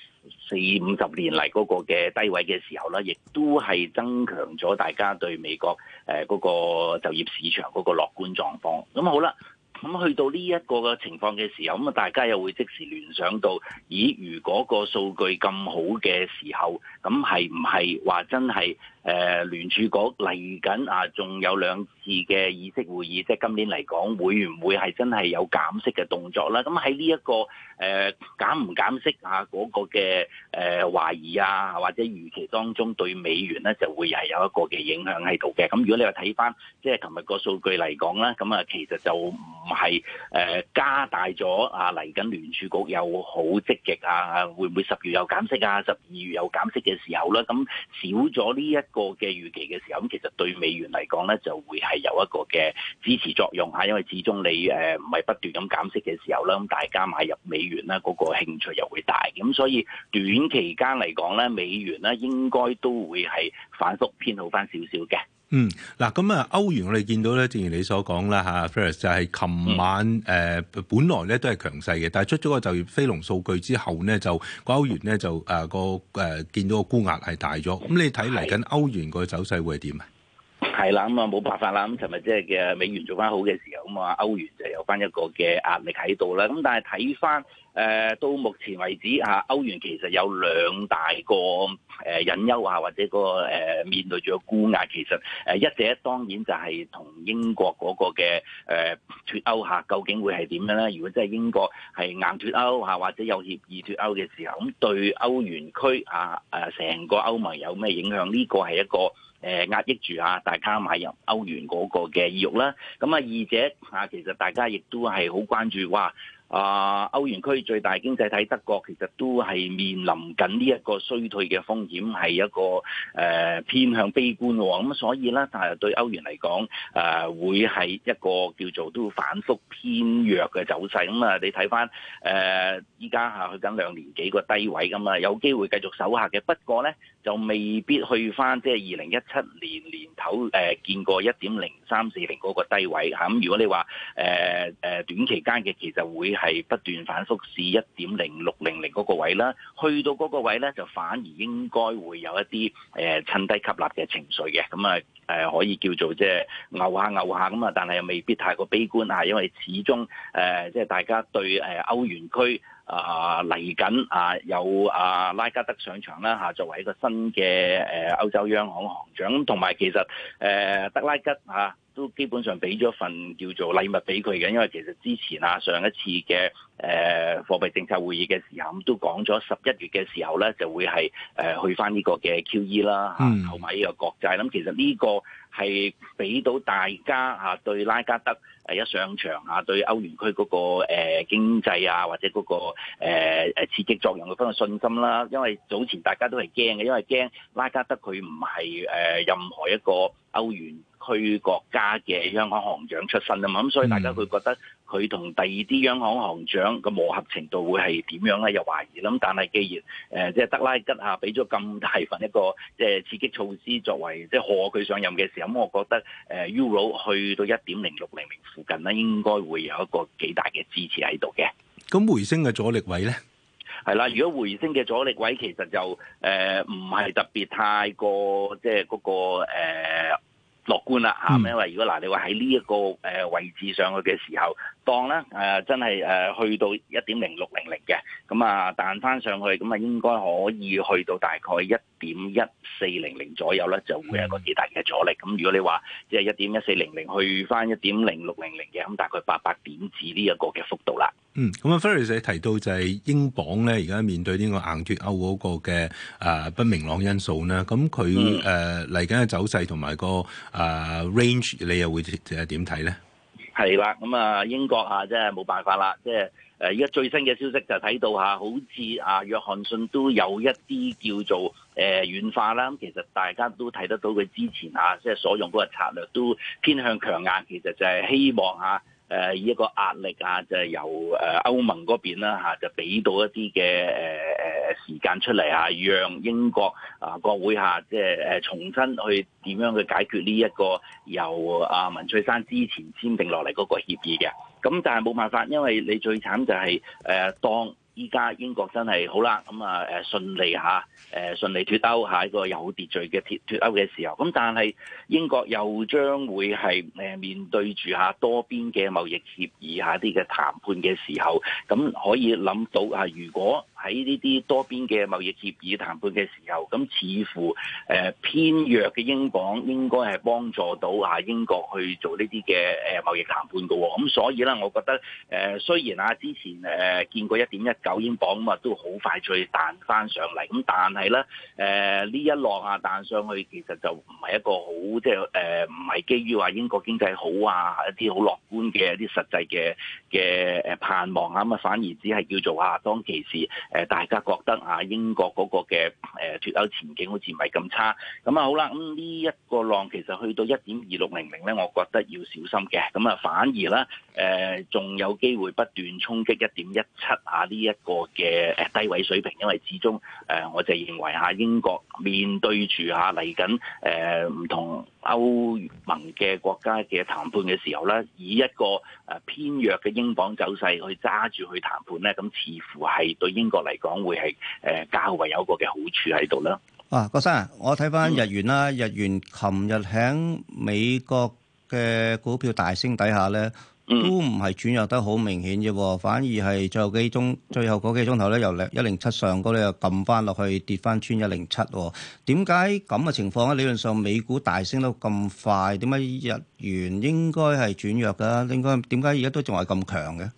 四五十年嚟嗰個嘅低位嘅時候啦，亦都係增強咗大家對美國誒嗰個就業市場嗰個樂觀狀況。咁好啦。咁去到呢一個嘅情況嘅時候，咁啊，大家又會即時聯想到，咦？如果個數據咁好嘅時候，咁係唔係話真係誒、呃、聯儲局嚟緊啊？仲有兩次嘅議息會議，即係今年嚟講，會唔會係真係有減息嘅動作啦？咁喺呢一個誒、呃、減唔減息啊嗰個嘅誒、呃、懷疑啊，或者預期當中對美元咧就會係有一個嘅影響喺度嘅。咁如果你話睇翻即係琴日個數據嚟講啦，咁啊其實就唔～係誒加大咗啊！嚟緊聯儲局又好積極啊！會唔會十月有減息啊？十二月有減息嘅時候咧，咁少咗呢一個嘅預期嘅時候，咁其實對美元嚟講咧，就會係有一個嘅支持作用嚇，因為始終你誒唔係不斷咁減息嘅時候咧，咁大家買入美元咧嗰個興趣又會大，咁所以短期間嚟講咧，美元咧應該都會係反覆偏好翻少少嘅。嗯，嗱，咁啊，歐元我哋見到咧，正如你所講啦，Ferris 就係琴晚誒，本來咧都係強勢嘅，但係出咗個就業非農數據之後咧，就個歐元咧就誒個誒見到個沽壓係大咗，咁、嗯、你睇嚟緊歐元個走勢會係點啊？係啦，咁啊冇辦法啦。咁尋日即係嘅美元做翻好嘅時候，咁啊歐元就有翻一個嘅壓力喺度啦。咁但係睇翻誒到目前為止啊，歐元其實有兩大個誒隱憂啊，或者個誒面對住個沽壓，其實誒一者當然就係同英國嗰個嘅誒脱歐下究竟會係點樣咧？如果真係英國係硬脱歐或者有協議脱歐嘅時候，咁對歐元區啊成個歐盟有咩影響？呢個係一個。誒壓抑住啊！大家買入歐元嗰個嘅意欲啦。咁啊，二者啊，其實大家亦都係好關注哇。啊、呃，歐元區最大經濟體德國其實都係面臨緊呢一個衰退嘅風險，係一個誒、呃、偏向悲觀喎。咁所以咧，但係對歐元嚟講，啊、呃、會係一個叫做都反覆偏弱嘅走勢。咁啊，你睇返誒依家下去緊兩年幾個低位咁啊，有機會繼續守下嘅。不過咧，就未必去翻即係二零一七年年頭誒、呃、見過一點零三四零嗰個低位咁、啊。如果你話誒、呃呃、短期間嘅，其實會係不斷反覆試一點零六零零嗰個位啦。去到嗰個位咧，就反而應該會有一啲誒趁低吸納嘅情緒嘅。咁啊、呃、可以叫做即係牛下牛下咁啊，但係又未必太過悲觀啊，因為始終誒即係大家對誒、呃、歐元區。啊嚟緊啊，有阿、啊啊、拉加德上場啦、啊、作為一個新嘅誒、啊、歐洲央行行長咁，同、啊、埋其實誒、啊、德拉吉嚇、啊、都基本上俾咗份叫做禮物俾佢嘅，因為其實之前啊上一次嘅誒、啊、貨幣政策會議嘅時候都講咗十一月嘅時候咧就會係誒、啊、去翻呢個嘅 QE 啦嚇，購買呢個國債咁、啊、其實呢個係俾到大家嚇、啊、對拉加德。一上場啊，對歐元區嗰、那個誒、呃、經濟啊，或者嗰、那個誒、呃、刺激作用嘅分個信心啦，因為早前大家都係驚嘅，因為驚拉加德佢唔係誒任何一個。歐元區國家嘅央行行長出身啊嘛，咁、嗯、所以大家會覺得佢同第二啲央行行長嘅磨合程度會係點樣咧？又懷疑。咁但係既然誒即係德拉吉啊，俾咗咁大份一個即係刺激措施作為即係賀佢上任嘅時候，咁我覺得誒 Euro 去到一點零六零零附近咧，應該會有一個幾大嘅支持喺度嘅。咁回升嘅阻力位咧？係啦，如果回升嘅阻力位，其實就誒唔係特別太過，即係嗰個誒、呃、樂觀啦吓，嗯、因為如果嗱，你話喺呢一個誒位置上去嘅時候。咧、啊、真係、啊、去到一點零六零零嘅，咁啊彈翻上去，咁啊應該可以去到大概一點一四零零左右咧，就會有一個幾大嘅阻力。咁、嗯、如果你話即係一點一四零零去翻一點零六零零嘅，咁大概八百點至呢一個嘅幅度啦。嗯，咁啊 Ferris 姐提到就係英鎊咧，而家面對呢個硬脫歐嗰、那個嘅、呃、不明朗因素咧，咁佢嚟緊嘅走勢同埋個、呃、range，你又會誒點睇咧？係啦，咁啊英國啊，真係冇辦法啦，即係誒而家最新嘅消息就睇到吓，好似啊約翰遜都有一啲叫做誒軟化啦，其實大家都睇得到佢之前啊，即係所用嗰個策略都偏向強硬，其實就係希望嚇。誒呢、呃、一個壓力啊，就係由誒、呃、歐盟嗰邊啦、啊、就俾到一啲嘅誒誒時間出嚟啊，讓英國啊國會下即係誒重新去點樣去解決呢、這、一個由阿、啊、文翠山之前簽訂落嚟嗰個協議嘅。咁但係冇辦法，因為你最慘就係、是、誒、呃、當。依家英國真係好啦，咁啊誒順利嚇，誒、嗯、順利脫歐下一個有秩序嘅脫脫歐嘅時候，咁、嗯、但係英國又將會係誒面對住下多邊嘅貿易協議下啲嘅談判嘅時候，咁、嗯、可以諗到啊，如果。喺呢啲多邊嘅貿易協議談判嘅時候，咁似乎誒偏弱嘅英鎊應該係幫助到啊英國去做呢啲嘅誒貿易談判嘅喎，咁所以咧，我覺得誒雖然啊之前誒見過一點一九英鎊啊，都好快脆彈翻上嚟，咁但係咧誒呢這一浪啊彈上去，其實就唔係一個好即係誒唔係基於話英國經濟好啊一啲好樂觀嘅一啲實際嘅嘅誒盼望啊，咁啊反而只係叫做啊當其時。誒大家覺得啊，英國嗰個嘅誒脫歐前景好似唔係咁差，咁啊好啦，咁呢一個浪其實去到一點二六零零咧，我覺得要小心嘅，咁啊反而咧誒仲有機會不斷衝擊一點一七啊呢一個嘅誒低位水平，因為始終誒、呃、我就係認為英國面對住下嚟緊誒唔同歐盟嘅國家嘅談判嘅時候咧，以一個誒偏弱嘅英鎊走勢去揸住去談判咧，咁似乎係對英國嚟講會係誒較為有一個嘅好處喺度啦。啊，關生，我睇翻日元啦，嗯、日元琴日喺美國嘅股票大升底下咧。都唔係轉弱得好明顯啫，反而係最後幾鐘，最後嗰幾鐘頭咧，由一零七上高咧又撳翻落去，跌翻穿一零七喎。點解咁嘅情況啊？理論上美股大升得咁快，點解日元應該係轉弱噶？應該點解而家都仲係咁強嘅？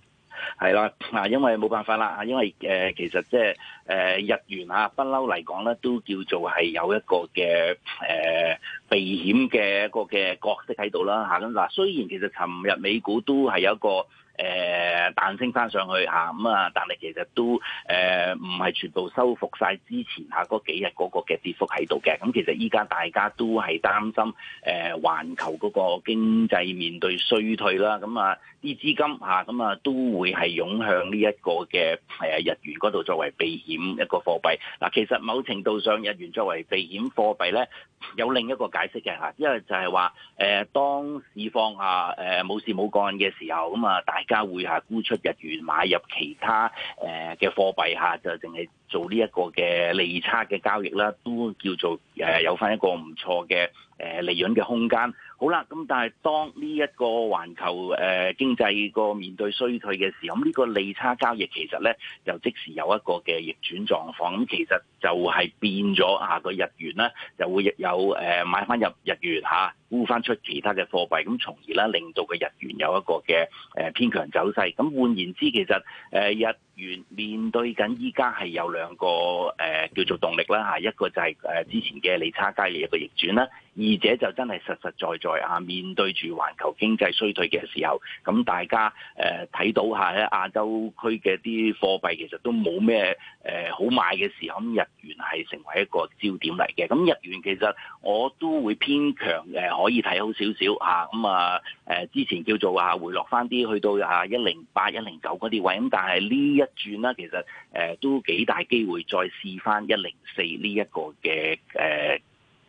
係啦，嗱，因為冇辦法啦，因為誒、呃，其實即係誒日元啊，不嬲嚟講咧，都叫做係有一個嘅誒、呃、避險嘅一個嘅角色喺度啦，吓，咁嗱。雖然其實尋日美股都係有一個。誒、呃、彈升翻上去嚇，咁啊，但係其實都誒唔係全部收復晒。之前嚇嗰幾日嗰個嘅跌幅喺度嘅。咁、啊、其實依家大家都係擔心誒環、啊、球嗰個經濟面對衰退啦，咁啊啲資金嚇咁啊都會係湧向呢一個嘅誒日元嗰度作為避險一個貨幣。嗱、啊，其實某程度上日元作為避險貨幣咧，有另一個解釋嘅嚇、啊，因為就係話誒當市況下誒冇、啊、事冇幹嘅時候，咁啊大而家會嚇沽出日元，買入其他誒嘅貨幣嚇，就淨係做呢一個嘅利差嘅交易啦，都叫做誒有翻一個唔錯嘅誒利潤嘅空間。好啦，咁但係當呢一個環球誒經濟個面對衰退嘅時候，咁、這、呢個利差交易其實咧就即時有一個嘅逆轉狀況，咁其實就係變咗啊個日元咧，就會有誒買翻入日元嚇。沽翻出其他嘅貨幣，咁從而咧令到嘅日元有一個嘅誒偏強走勢。咁換言之，其實誒日元面對緊依家係有兩個誒叫做動力啦嚇，一個就係誒之前嘅利差街嘅一個逆轉啦，二者就真係實實在在啊面對住環球經濟衰退嘅時候，咁大家誒睇到下咧亞洲區嘅啲貨幣其實都冇咩誒好買嘅時候，咁日元係成為一個焦點嚟嘅。咁日元其實我都會偏強嘅。可以睇好少少嚇，咁啊誒、嗯啊、之前叫做啊回落翻啲，去到啊一零八、一零九嗰啲位，咁但係呢一轉咧，其實誒、呃、都幾大機會再試翻一零四呢一個嘅誒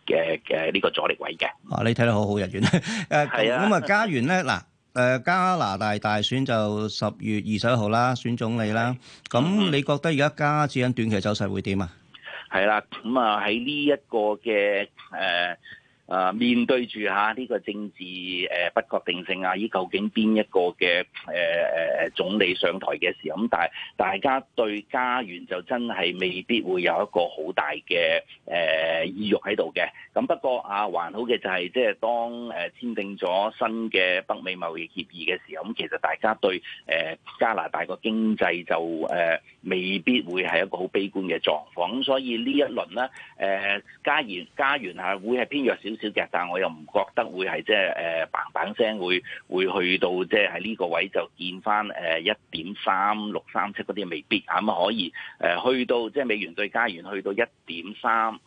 嘅嘅呢個阻力位嘅。啊，你睇得好好日圓咧。誒，咁啊，加元咧嗱，誒加拿大大選就十月二十一號啦，選總理啦。咁你覺得而家加元短期嘅走勢會點啊？係、嗯、啦，咁啊喺呢一個嘅誒。呃誒面對住下呢個政治誒不確定性啊，依究竟邊一個嘅誒誒總理上台嘅時候咁，但係大家對加元就真係未必會有一個好大嘅誒意欲喺度嘅。咁不過啊，還好嘅就係即係當誒簽訂咗新嘅北美貿易協議嘅時候，咁其實大家對誒加拿大個經濟就誒未必會係一個好悲觀嘅狀況。咁所以呢一輪呢，誒加元加元啊，家會係偏弱少少，但係我又唔覺得會係即係誒嘭嘭聲，呃、板板聲，會會去到即係喺呢個位就見翻誒一點三六三七嗰啲，未必，咁、嗯、可以誒、呃、去到即係美元對加元去到一點三五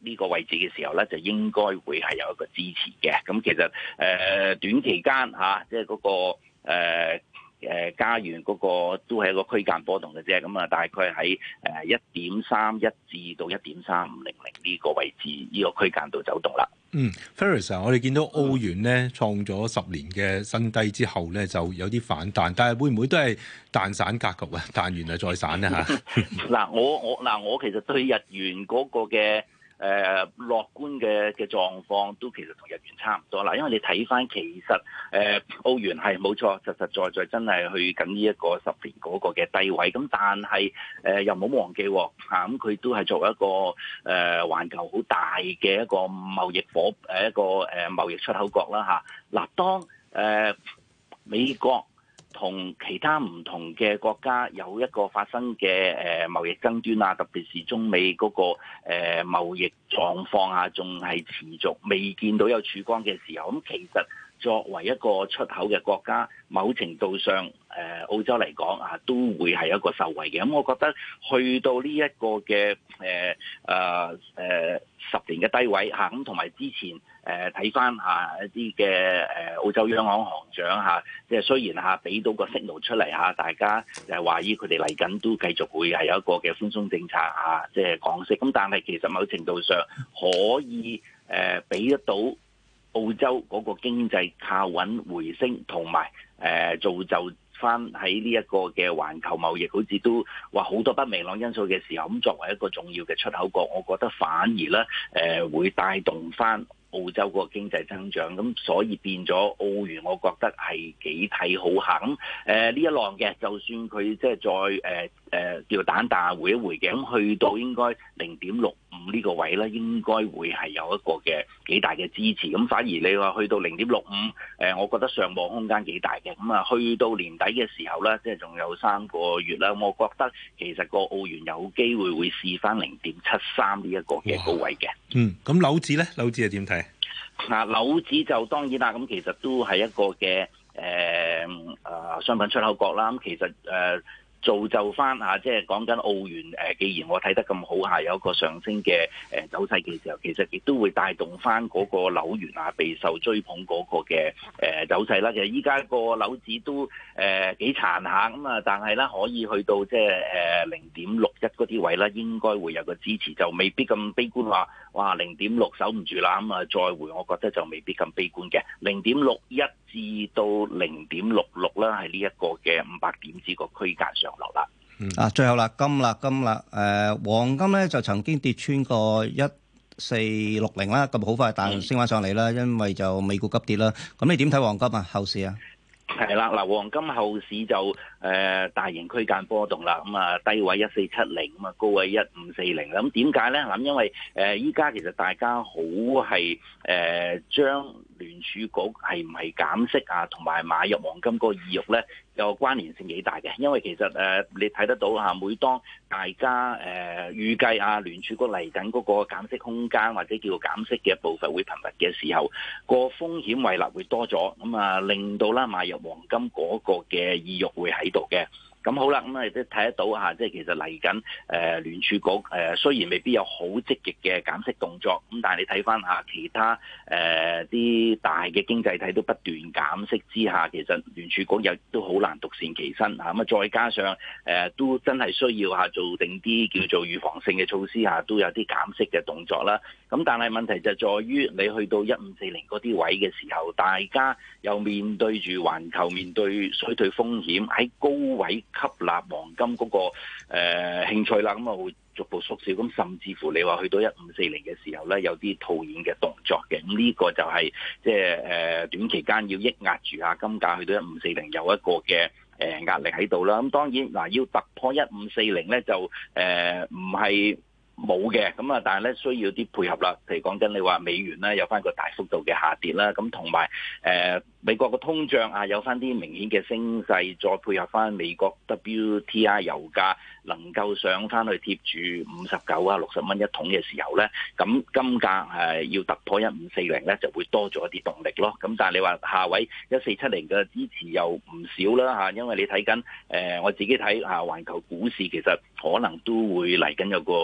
呢個位置嘅時候咧，就應該會係有一個支持嘅。咁、嗯、其實誒、呃、短期間嚇，即係嗰個、呃誒加元嗰個都係一個區間波動嘅啫，咁啊大概喺一點三一至到一點三五零零呢個位置，呢個區間度走動啦。嗯，Ferris，我哋見到澳元咧創咗十年嘅新低之後咧，就有啲反彈，但係會唔會都係彈散格局啊？彈完啊再散呢？嚇 。嗱我我嗱我其實對日元嗰個嘅。誒、呃、樂觀嘅嘅狀況都其實同日元差唔多啦，因為你睇返，其實誒澳、呃、元係冇錯，實實在在，在真係去緊呢一個十年嗰個嘅低位。咁但係誒、呃、又唔好忘記喎、哦，咁、啊、佢都係作為一個誒環、呃、球好大嘅一個貿易火一個誒、呃、貿易出口國啦嗱、啊、當誒、呃、美國。同其他唔同嘅國家有一個發生嘅誒貿易爭端啊，特別是中美嗰個誒貿易狀況啊，仲係持續未見到有曙光嘅時候，咁其實作為一個出口嘅國家，某程度上誒澳洲嚟講啊，都會係一個受惠嘅。咁我覺得去到呢一個嘅誒啊十年嘅低位吓，咁同埋之前。誒睇翻下一啲嘅誒澳洲央行行長嚇，即係雖然嚇俾到個 signal 出嚟嚇，大家誒懷疑佢哋嚟緊都繼續會係有一個嘅寬鬆政策嚇，即係降息。咁但係其實某程度上可以誒俾得到澳洲嗰個經濟靠穩回升，同埋誒造就翻喺呢一個嘅環球貿易好似都話好多不明朗因素嘅時候，咁作為一個重要嘅出口國，我覺得反而咧誒會帶動翻。澳洲個經濟增長，咁所以變咗澳元，我覺得係幾睇好下。咁誒呢一浪嘅，就算佢即係再誒。呃誒叫蛋蛋回一回嘅，咁去到應該零點六五呢個位咧，應該會係有一個嘅幾大嘅支持。咁反而你話去到零點六五，誒，我覺得上望空間幾大嘅。咁啊，去到年底嘅時候咧，即係仲有三個月啦，我覺得其實個澳元有機會會試翻零點七三呢一個嘅高位嘅。嗯，咁紐指咧，紐子係點睇？嗱，紐指就當然啦，咁其實都係一個嘅誒啊商品出口國啦。咁其實誒。呃造就翻啊，即係講緊澳元，既然我睇得咁好下有一個上升嘅走勢嘅時候，其實亦都會帶動翻嗰個樓元啊，備受追捧嗰個嘅走勢啦。其實依家個樓指都誒、呃、幾殘下咁啊，但係咧可以去到即係誒零點六一嗰啲位啦，應該會有個支持，就未必咁悲觀話。哇，零點六守唔住啦，咁啊再回，我覺得就未必咁悲觀嘅。零點六一至到零點六六啦，係呢一個嘅五百點子個區間上落啦。啊，最後啦，金啦，金啦，誒、呃，黃金咧就曾經跌穿過一四六零啦，咁好快，彈升翻上嚟啦，因為就美股急跌啦。咁你點睇黃金啊？後市啊？係啦，嗱，黃金後市就誒大型區間波動啦，咁啊低位一四七零，咁啊高位一五四零，咁點解咧？咁因為誒，依家其實大家好係誒將。聯儲局係唔係減息啊？同埋買入黃金嗰個意欲咧，有關聯性幾大嘅？因為其實誒，你睇得到嚇，每當大家誒預計啊聯儲局嚟緊嗰個減息空間或者叫做減息嘅部分會頻密嘅時候，個風險胃納會多咗，咁啊令到啦買入黃金嗰個嘅意欲會喺度嘅。咁好啦，咁啊亦都睇得到嚇，即係其實嚟緊誒聯儲局誒，雖然未必有好積極嘅減息動作，咁但係你睇翻下其他誒啲、呃、大嘅經濟體都不斷減息之下，其實聯儲局又都好難獨善其身嚇。咁啊，再加上誒、啊、都真係需要下做定啲叫做預防性嘅措施下、啊、都有啲減息嘅動作啦。咁但係問題就在於，你去到一五四零嗰啲位嘅時候，大家又面對住環球面對衰退風險，喺高位吸納黃金嗰、那個誒、呃、興趣啦，咁啊會逐步縮小。咁甚至乎你話去到一五四零嘅時候咧，有啲套現嘅動作嘅。咁呢個就係、是、即係誒、呃、短期間要抑壓住一下金價去到一五四零有一個嘅誒、呃、壓力喺度啦。咁當然嗱，要突破一五四零咧，就誒唔係。呃冇嘅，咁啊，但係咧需要啲配合啦。譬如講真，你話美元咧有翻個大幅度嘅下跌啦，咁同埋誒。呃美國嘅通脹啊，有翻啲明顯嘅升勢，再配合翻美國 WTI 油價能夠上翻去貼住五十九啊六十蚊一桶嘅時候呢，咁金價係要突破一五四零呢，就會多咗一啲動力咯。咁但係你話下位一四七零嘅支持又唔少啦嚇，因為你睇緊，誒我自己睇下環球股市其實可能都會嚟緊有個誒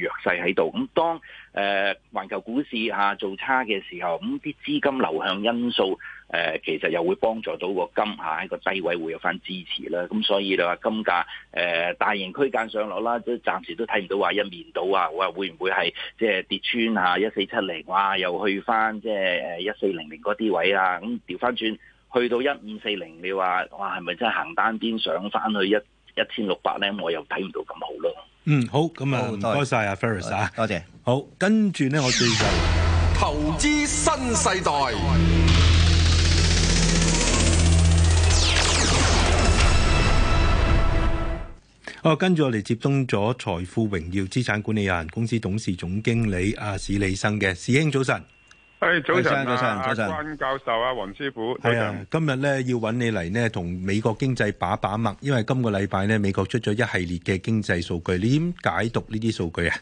弱勢喺度。咁當誒環球股市嚇做差嘅時候，咁啲資金流向因素。呃、其實又會幫助到個金下喺個低位，會有翻支持啦。咁所以你話金價、呃、大型區間上落啦，都暫時都睇唔到話一面倒啊！哇，會唔會係即係跌穿嚇一四七零？哇，又去翻即係一四零零嗰啲位啊？咁調翻轉去到一五四零，你話哇，係咪真係行單邊上翻去一一千六百咧？我又睇唔到咁好咯。嗯，好，咁啊，唔該晒啊 Ferris 嚇，多謝。好，跟住咧，我最近投資新世代。我跟住我嚟接通咗財富榮耀資產管理有限公司董事總經理阿史李生嘅，史師兄早，早晨、啊，誒早晨，早晨，早晨，關教授啊，啊黃師傅，早晨。啊、今日咧要揾你嚟呢同美國經濟把把脈，因為今個禮拜咧美國出咗一系列嘅經濟數據，你點解讀呢啲數據啊？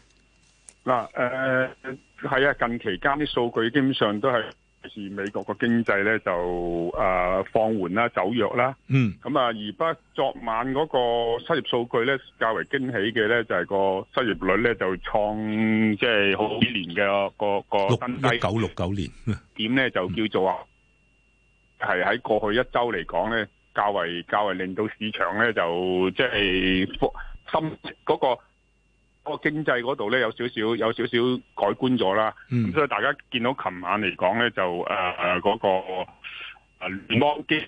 嗱、呃，誒，係啊，近期間啲數據基本上都係。是美國個經濟咧就誒、呃、放緩啦、走弱啦，嗯，咁啊，而不昨晚嗰個失業數據咧較為驚喜嘅咧就係、是、個失業率咧就創即係好幾年嘅個個新低九六九年，點咧就叫做啊係喺過去一周嚟講咧較為較為令到市場咧就即係深嗰、那個。個經濟嗰度咧有少少有少少改觀咗啦，咁、嗯、所以大家見到琴晚嚟講咧就誒嗰、呃那個誒聯機，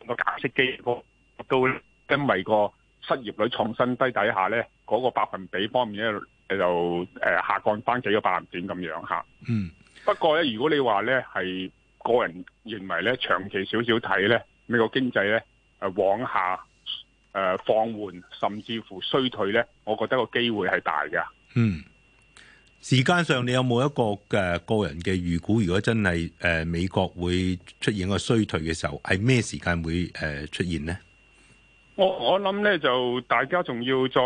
那個加息機率都、那個、因為個失業率創新低底下咧，嗰、那個百分比方面咧就誒下降返幾個百分點咁樣嚇。嗯，不過咧如果你話咧係個人認為咧長期少少睇咧，美、那、國、個、經濟咧誒往下。誒、啊，放緩甚至乎衰退呢，我覺得個機會係大嘅。嗯，時間上你有冇一個誒、呃、個人嘅預估？如果真係誒、呃、美國會出現個衰退嘅時候，係咩時間會誒、呃、出現呢？我我諗呢就大家仲要再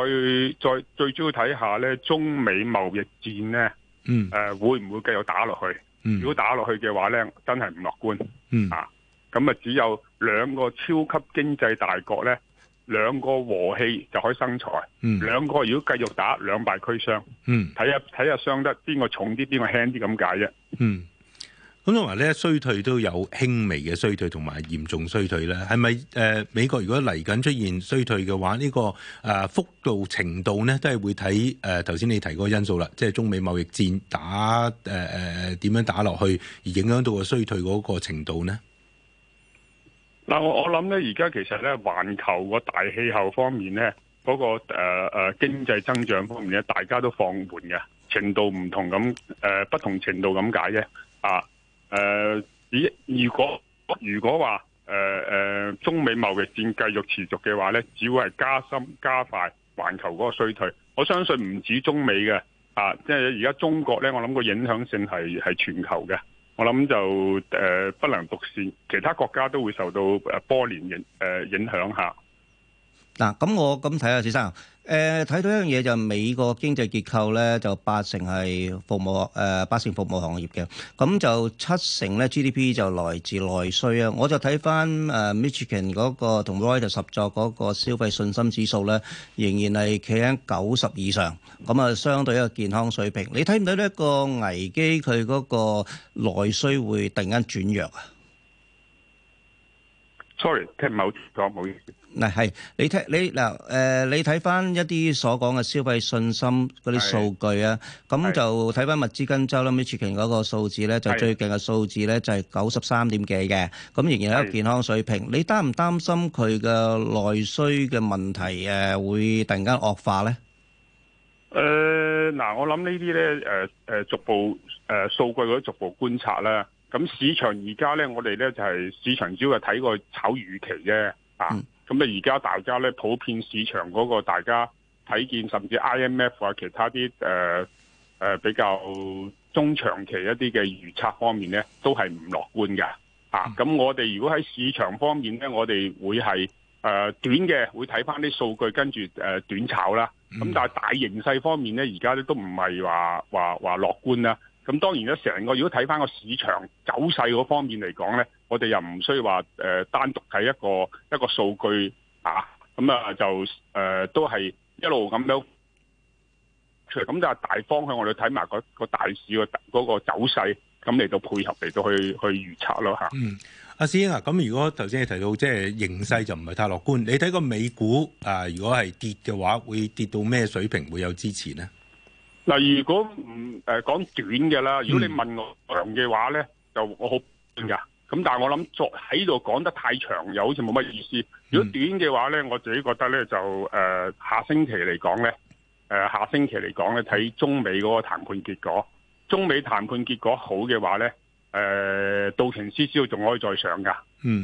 再最主要睇下呢中美貿易戰呢，嗯，誒、呃、會唔會繼續打落去？嗯、如果打落去嘅話呢，真係唔樂觀。嗯、啊，咁啊只有兩個超級經濟大國呢。兩個和氣就可以生財。嗯、兩個如果繼續打，兩敗俱傷。睇下睇下傷得邊個重啲，邊個輕啲咁解啫。咁就話咧，衰退都有輕微嘅衰退同埋嚴重衰退啦。係咪誒，美國如果嚟緊出現衰退嘅話，呢、呢個誒、呃、幅度程度呢，都係會睇誒頭先你提嗰個因素啦，即係中美貿易戰打誒誒點樣打落去，而影響到個衰退嗰個程度呢？嗱，我我諗咧，而家其實咧，環球個大氣候方面咧，嗰個誒誒經濟增長方面咧，大家都放緩嘅程度唔同咁，誒，不同程度咁解啫。啊，誒，如果如果話誒誒中美貿易戰繼續持續嘅話咧，只會係加深加快環球嗰個衰退。我相信唔止中美嘅啊，即係而家中國咧，我諗個影響性係係全球嘅。我諗就誒、呃、不能獨善，其他國家都會受到誒波連影誒、呃、影響下。嗱，咁我咁睇下先生，誒、呃、睇到一樣嘢就是，美國經濟結構咧，就八成係服務誒八，呃、成服務行業嘅，咁就七成咧 GDP 就來自內需啊。我就睇翻誒 Michigan 嗰，那個同 Reuters a 合作嗰個消費信心指數咧，仍然係企喺九十以上，咁啊相對一個健康水平。你睇唔睇呢一個危機，佢嗰個內需會突然間轉弱啊？Sorry，聽唔係好清楚，唔好意思。嗱係，你睇你嗱誒，你睇翻、呃、一啲所講嘅消費信心嗰啲數據啊，咁是就睇翻密西根州啦，Michigan 嗰個數字咧就最近嘅數字咧是就係九十三點幾嘅，咁仍然係一個健康水平。是你擔唔擔心佢嘅內需嘅問題誒、呃、會突然間惡化咧？誒嗱、呃，我諗呢啲咧誒誒逐步誒數據嗰啲逐步觀察啦。咁市場而家咧，我哋咧就係、是、市場主要係睇個炒預期啫，啊。嗯咁啊，而家大家咧普遍市場嗰個大家睇見，甚至 IMF 啊，其他啲誒誒比較中長期一啲嘅預測方面咧，都係唔樂觀嘅吓。咁我哋如果喺市場方面咧，我哋會係誒短嘅，會睇翻啲數據，跟住誒短炒啦。咁但係大形勢方面咧，而家咧都唔係話話話樂觀啦。咁當然咧，成個如果睇翻個市場走勢嗰方面嚟講咧。我哋又唔需要話誒，單獨睇一個一個數據啊，咁、嗯、啊就誒、呃、都係一路咁樣，咁就大方向我哋睇埋嗰個大市個、那個走勢，咁嚟到配合嚟到去去預測咯吓。啊、嗯，阿師兄啊，咁、啊、如果頭先你提到即係、就是、形勢就唔係太樂觀，你睇個美股啊，如果係跌嘅話，會跌到咩水平會有支持咧？嗱，如果唔誒、啊、講短嘅啦，如果你問我長嘅、嗯、話咧，就我好噶。咁但係我諗，喺度講得太長，又好似冇乜意思。如果短嘅話呢，我自己覺得呢，就、呃、誒，下星期嚟講呢，誒、呃、下星期嚟講呢，睇中美嗰個談判結果。中美談判結果好嘅話呢，誒、呃、道瓊斯指數仲可以再上噶，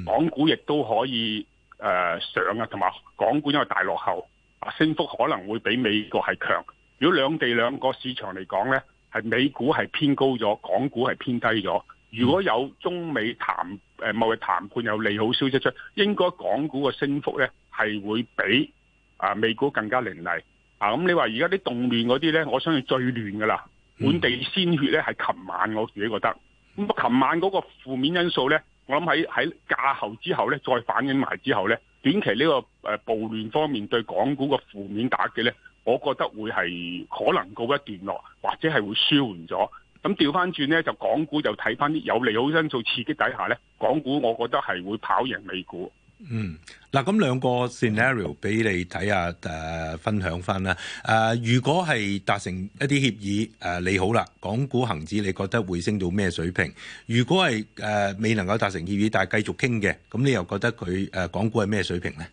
港股亦都可以誒、呃、上啊，同埋港股因為大落後，啊升幅可能會比美國係強。如果兩地兩個市場嚟講呢，係美股係偏高咗，港股係偏低咗。如果有中美談誒貿易談判有利好消息出，應該港股嘅升幅呢係會比啊美股更加凌厲啊！咁、嗯、你話而家啲動亂嗰啲呢，我相信最亂噶啦，本地鮮血呢係琴晚我自己覺得。咁、嗯、琴、嗯、晚嗰個負面因素呢，我諗喺喺假後之後呢，再反映埋之後呢，短期呢個誒暴亂方面對港股個負面打擊呢，我覺得會係可能告一段落，或者係會舒緩咗。咁調翻轉咧，就港股就睇翻啲有利好因素刺激底下咧，港股我覺得係會跑贏美股。嗯，嗱，咁兩個 scenario 俾你睇下、呃，分享翻啦。誒、呃，如果係達成一啲協議，誒、呃，利好啦，港股恒指，你覺得會升到咩水平？如果係誒、呃、未能夠達成協議，但係繼續傾嘅，咁你又覺得佢、呃、港股係咩水平咧？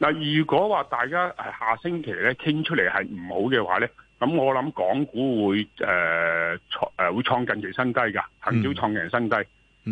嗱、呃，如果話大家係下星期咧傾出嚟係唔好嘅話咧。咁我諗港股會誒創誒會創近期新低噶，恒指創嘅新低。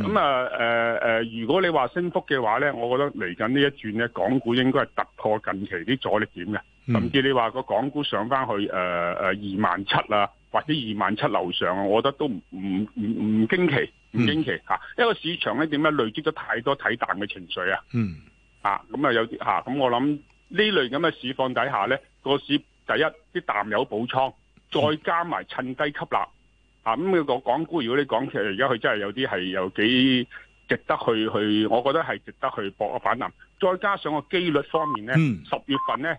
咁啊誒誒，如果你話升幅嘅話咧，我覺得嚟緊呢一轉咧，港股應該係突破近期啲阻力點嘅，嗯、甚至你話個港股上返去誒誒、呃、二萬七啊，或者二萬七樓上啊，我覺得都唔唔唔唔驚奇，唔驚奇吓。一個、嗯啊、市場咧點解累積咗太多睇淡嘅情緒啊？嗯，啊咁啊有啲吓，咁我諗呢類咁嘅市況底下咧，個市。第一啲淡友補倉，再加埋趁低吸納，咁、啊、咁、這個港股如果你講其實而家佢真係有啲係有幾值得去去，我覺得係值得去搏個反彈，再加上個機率方面咧，十、嗯、月份咧。